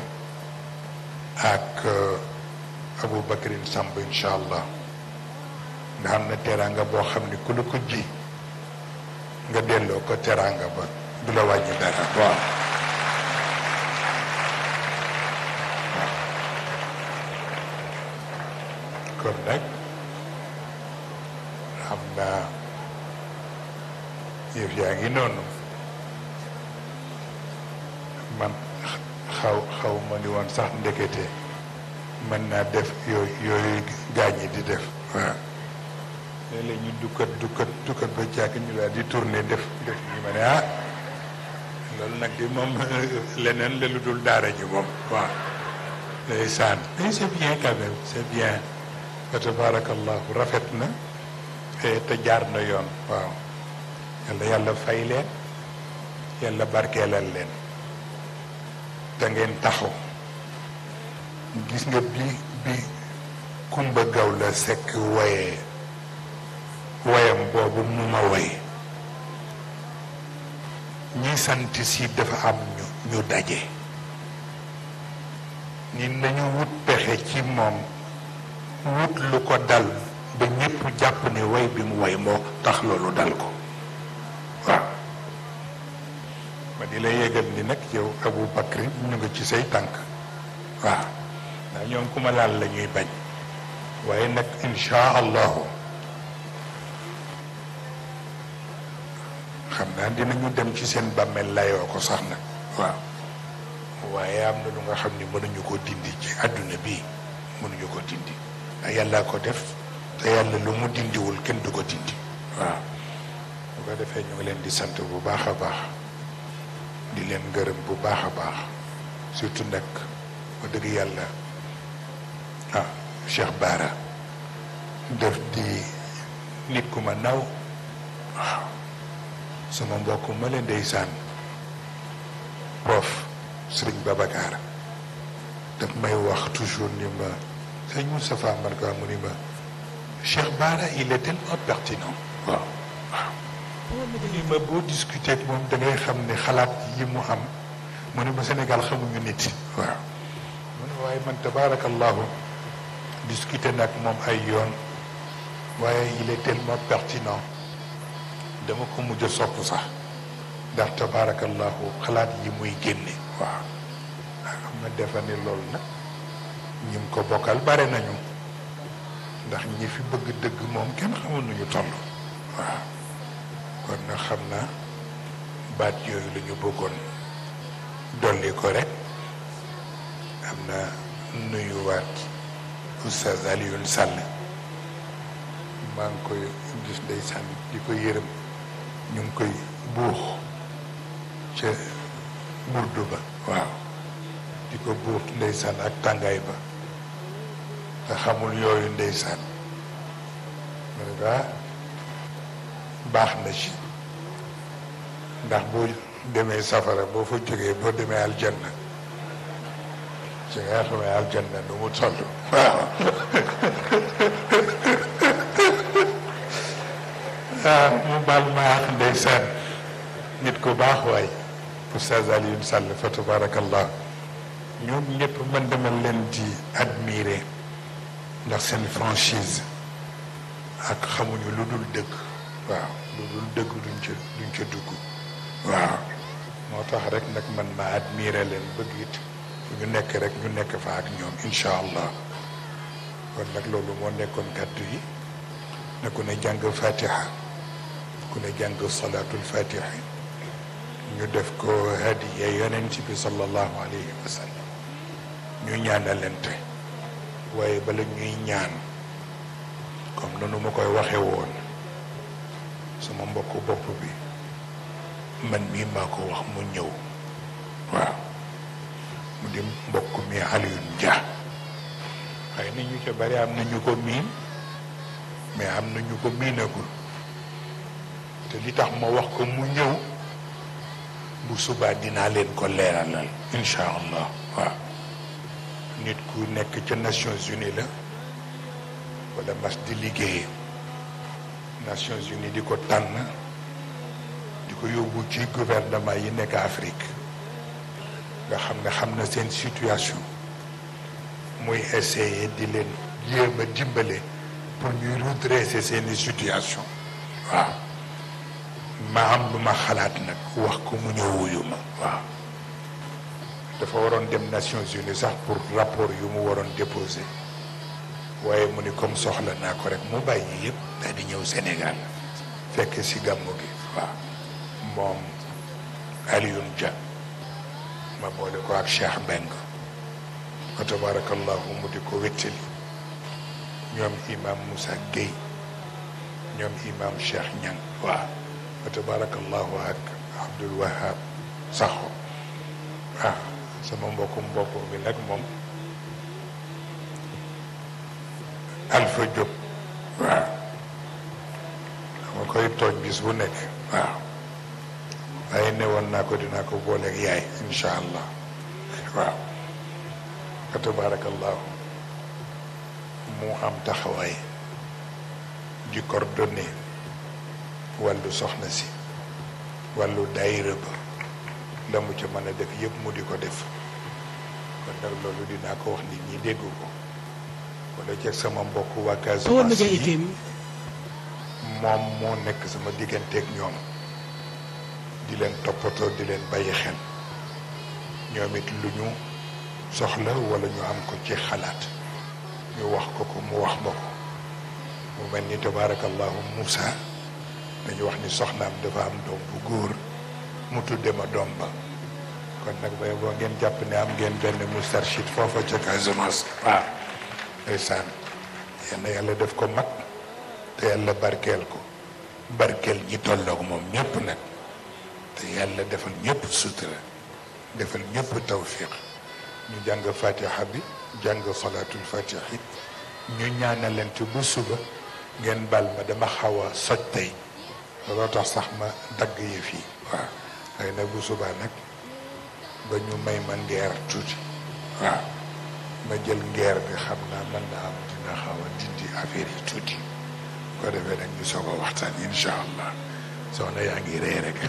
ak euh, Abou Bakrin Samb incha allah nga am na teraanga boo xam ne ku la ko ji nga delloo ko teraanga ba du la wàññi dara waaw kon nag am na yëf yaa ngi noonu man xaw xaw ma ni woon sax ndekete mën naa def yooyu yooyu gaañi di def waaw léeg-léeg ñu dukkat dukkat dukkat ba jàkk ñu daal di tourné def def ñu ma ne ah loolu nag di moom leneen la lu dul daara ji moom waaw ndeysaan mais c'est bien quand c'est bien fa tabarakallahu rafet na te jaar na yoon waaw yàlla yàlla fay leen yàlla barkeelal leen da ngeen taxaw gis nga bi bi Kumba Gawla Seck wooyee woyam boobu mu ma woy ñi sant si dafa am ñu ñu daje ni nañu wut pexe ci moom wut lu ko dal ba ñépp jàpp ne woy bi mu woy moo tax loolu dal ko waaw ma di la yëgal ni nag yow Abu Bakri ñu ngi ci say tànk waaw ndax ñoom ku ma laal la ñuy bañ waaye nag insha allahu xam naa dinañu dem ci seen bàmmeel layoo ko sax nag waaw waaye am na lu nga xam ni mënuñu ko dindi ci àdduna bi mënuñu ko dindi ndax yàllaa ko def te yàlla lu mu dindiwul kenn du ko dindi waaw bu ko defee ñu leen di sant bu baax a baax di leen gërëm bu baax a baax surtout nag ba dëgg yàlla ah Cheikh Bara def di nit ku ma naw waaw sama mbokk ma leen ndeysaan prof sëriñ Babacar daf may wax toujours ni ma sëriñ Moustapha man mu ni ma Cheikh Bara il est pertinent waaw mu ni ma boo discuter ak moom da xam ne xalaat yi mu am mu ni ma Sénégal xamuñu nit waaw mu ne waaye man tabarakallahu discuter nag moom ay yoon waaye il est pertinent dama ko mujj a sopp sax ndax tabaarakallaahu xalaat yi muy génne waaw waa xam nga defa ni loolu nag ñi ko bokkal bare nañu ndax ñi fi bëgg dëgg moom kenn xamul nu ñu toll waaw kon na xam naa baat yooyu la bëggoon dolli ko rek am na nuyuwaat Oustaz Alioune Sall maa ngi koy gis ndeysaan di ko yërëm ñu ngi koy buux ca burdu ba waaw di ko buux ndeysaan ak tàngaay ba nga xamul yooyu ndeysaan ma ah, baax na ci ndax boo demee safara boo fa jógee boo demee aljanna ci nga xamee aljanna nu mu toll waaw ah mu baal ma àq ndeysaan nit ku baax waay oustaz Alioune Sall fa tabarakallah ñoom ñëpp man dama leen di admirer ndax seen franchise ak xamuñu lu dul dëgg waaw lu dul dëgg duñ ca dugg waaw moo tax rek nag man ma admirer leen bëgg it fu ñu nekk rek ñu nekk fa ak ñoom incha allah kon nag loolu moo nekkoon kàddu yi na ko ne jàng fatiha ku ne jàng salaatul fatiha ñu def ko yeneen yonent bi sallallahu alayhi wa ñu ñaanalante waaye bala ñuy ñaan comme noonu ma koy waxe woon sama mbokk bopp bi man mii maa ko wax mu ñëw waaw mu di mbokk mi Alioune Dia waaye nit ñu ca bari am nañu ko miin mais am nañu ko miinagul te li tax ma wax ko mu ñëw bu subaa dinaa leen ko leeralal incha allah waaw nit ku nekk ca Nations Unies la wala mas di liggéey Nations Unies di ko tànn di ko yóbbu ci gouvernement yi nekk Afrique nga xam ne xam na seen situation muy essayer di leen jéem a dimbale pour ñuy redresser seeni situation waaw ma am lu ma xalaat nag wax ko mu ñëw wuyu ma waaw dafa waroon dem Nations Unies sax pour rapport yu mu waroon déposé waaye mu ni comme soxla naa ko rek mu bàyyi yëpp daal di ñëw Sénégal fekkee ci gàmmu gi waaw moom Alioune Dia ma boole ko ak Cheikh Mbengue wa tabarakallahu mu di ko wéttali ñoom imam Moussa Gueye ñoom imam Cheikh Niang waaw fa tabarakallahu ak Abdul Wahab Sakho waaw ah, sama mbokkum bopp mi nag moom Alpha Diop waaw dama koy tooj bis bu nekk waaw waaye newoon naa ko dinaa ko booleeg yaay insha allah waaw fa tabarakallahu mu am taxawaay di coordonné wàllu soxna si wàllu daayira ba la mu ca mën a def yépp mu di ko def kon nag loolu dinaa ko wax nit ñi dégg ko walla da sama mbokk waa Casamance yi moom moo nekk sama digganteeg ñoom di leen toppatoo di leen bàyyi xel ñoom lu ñu soxla walla ñu am ko ci xalaat ñu wax ko ko mu wax ma ko mu mel ni tabaarakallahu Moussa dañu wax ni soxnaam dafa am doom bu góor mu tudde ma doom ba kon nag bay boo ngeen jàpp ne am ngeen benn moustarchid foofa ca Casamance waaw ndeysaan yenn yàlla def ko mag te yàlla barkeel ko barkeel ñi tolloog moom ñëpp nag te yàlla defal ñëpp sutura defal ñëpp tawfiq ñu jàng fatiha bi jàng salaatul fatiha ñu ñaanalante bu suba ngeen bal ma dama xaw a soj tey looloo tax sax ma dagg yëf yi waaw xëy na bu subaa nag ba ñu may ma ngeer tuuti waaw ma jël ngeer bi xam naa mën naa am dina xaw dindi affaire yi tuuti ko defee nag ñu soog waxtaan incha allah soxna yaa ngi rey rek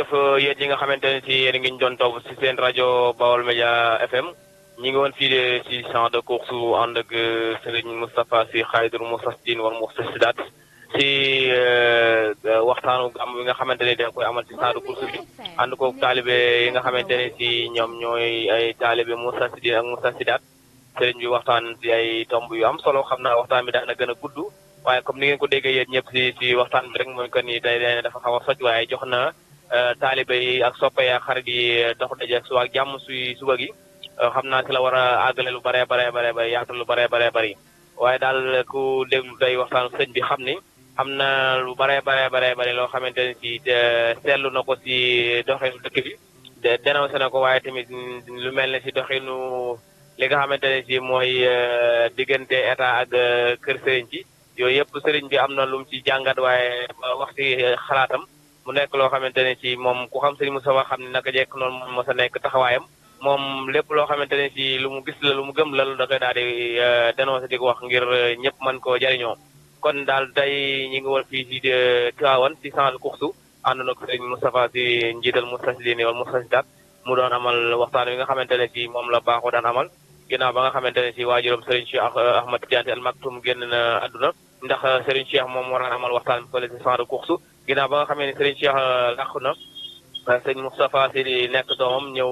jërëjëf euh, yéen nga xamante ne si yéen ngi ñu doon topp si seen rajo Baol Média FM ñi ngi woon fii de si champ de course ànd ak euh, sëriñ Moustapha Sy Khaydoul Moustarchidine wal Moustarchidaat si euh, waxtaanu gàmm bi nga xamante ne dañ koy amal si champ de course bi yi nga xamante ne si ñoom ñooy ay taalibe Moustarchidine ak Moustarchidaat sëriñ bi waxtaan si ay tomb yu am solo xam naa waxtaan bi daana gën a gudd waaye comme ni ngeen ko déggee yéen ñëpp si si waxtaan bi rek mooy que ni day dafa xaw a soj waaye jox Euh, taalibe yi ak soppe yi ak xarit yi euh, dox daje suba ak jàmm suba gi euh, xam naa si la a lu bare bare bare bare lu bare bare bëri waaye daal ku déglu tey waxtaan sëñ bi xam ni am na lu bare bare bare bëri loo xamante ni si selu na ko ci doxinu dëkk bi dénoncé na ko waaye tamit lu mel ne si doxinu li nga xamante ne si mooy diggante état ak kër sëriñ ci yooyu yëpp sëriñ bi am na lu ci jàngat waaye wax xalaatam mu nekk loo xamante ne ci moom ku xam Serigne Moustapha xam ne naka jekk noonu moom mosa nekk taxawaayam moom lépp loo xamante ne ci lu mu gis la lu mu gëm la da koy daal di euh, dénoncé di ko wax ngir euh, ñëpp mën koo jariñoo kon daal tey ñi ngi war fii ci euh, Tivaouane ci Sànqal Koursu ànd na ko Serigne Moustapha si njiital Moustarchidine wal Moustarchidaat mu doon amal waxtaan wi nga xamante ne ci moom la baaxoo daan amal ginnaaw ba nga xamante ne ci waajuram Serigne Cheikh Ahmad Tidiane Al Maktoum génn na àdduna ndax Serigne Cheikh moom waroon amal waxtaan bi fële ci Sànqal Koursu ginnaaw ba nga xamee ni Serigne Cheikh euh, làqu na euh, sëñ Moustapha si di nekk doomam ñëw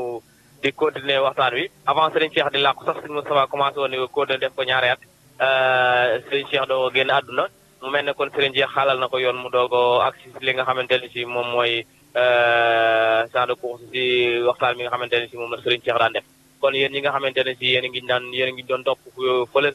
di continuer waxtaan wi avant Serigne Cheikh di làqu sax sëñ Moustapha commencé woon ni continuer def ko ñaari at euh, Serigne Cheikh doo génn àdduna mu mel ne kon Serigne Cheikh xaalal na ko yoon mu doogoo ak si li nga xamante ne si moom mooy champ de course si waxtaan bi nga xamante ne si moom la Serigne Cheikh daan def kon yéen ñi nga xamante ne si yéen ngi daan yéen a ngi doon topp fële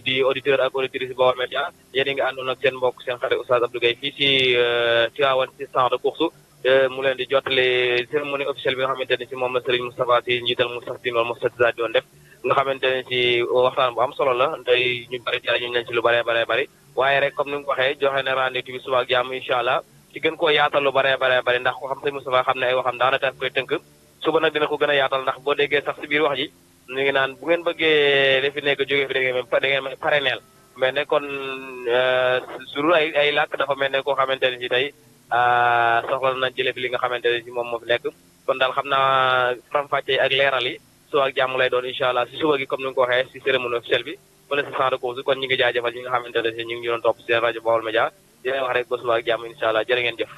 di auditeur ak auditrice Baol Média yéen a ngi àndoon ak seen mbokk seen xarit Oustaz Abdou Guèye fii ci euh, Tivaouane ci centre de course euh, mu leen di jottali cérémonie officielle bi nga xamante ne si moom la Serigne Moustapha Sy njiital Moustapha wala Moustapha nga xamante ne si waxtaan bu am solo la day ñu bëri jariñu leen ci lu bëree bëree waaye rek comme ni ko waxee joxe na rendez-vous bi suba ak allah ci gën koo yaatal lu bëree bëree bëri ndax ko xam Serigne Moustapha xam ne ay waxam ko gën a yaatal boo déggee sax si biir ji ñu ngi naan bu ngeen bëggee li fi nekk jóge fi da ngeen da ngeen may kon surtout euh, ay ay làkk dafa mel ne koo xamante ne si tey euh, soxla na ci lépp li nga xamante ne si moom moo nekk kon daal xam naa faram-fàccee ak leeral yi suba ak jàmm lay doon incha allah si suba gi comme ni nga ko waxee si cérémonie officielle bi wala si centre de course kon ñi ngi jaajëfal ñi nga xamante ne si ñu ngi ñu doon topp seen rajo Baol Média di wax rek ba suba ak jàmm allah jërë ngeen jëf.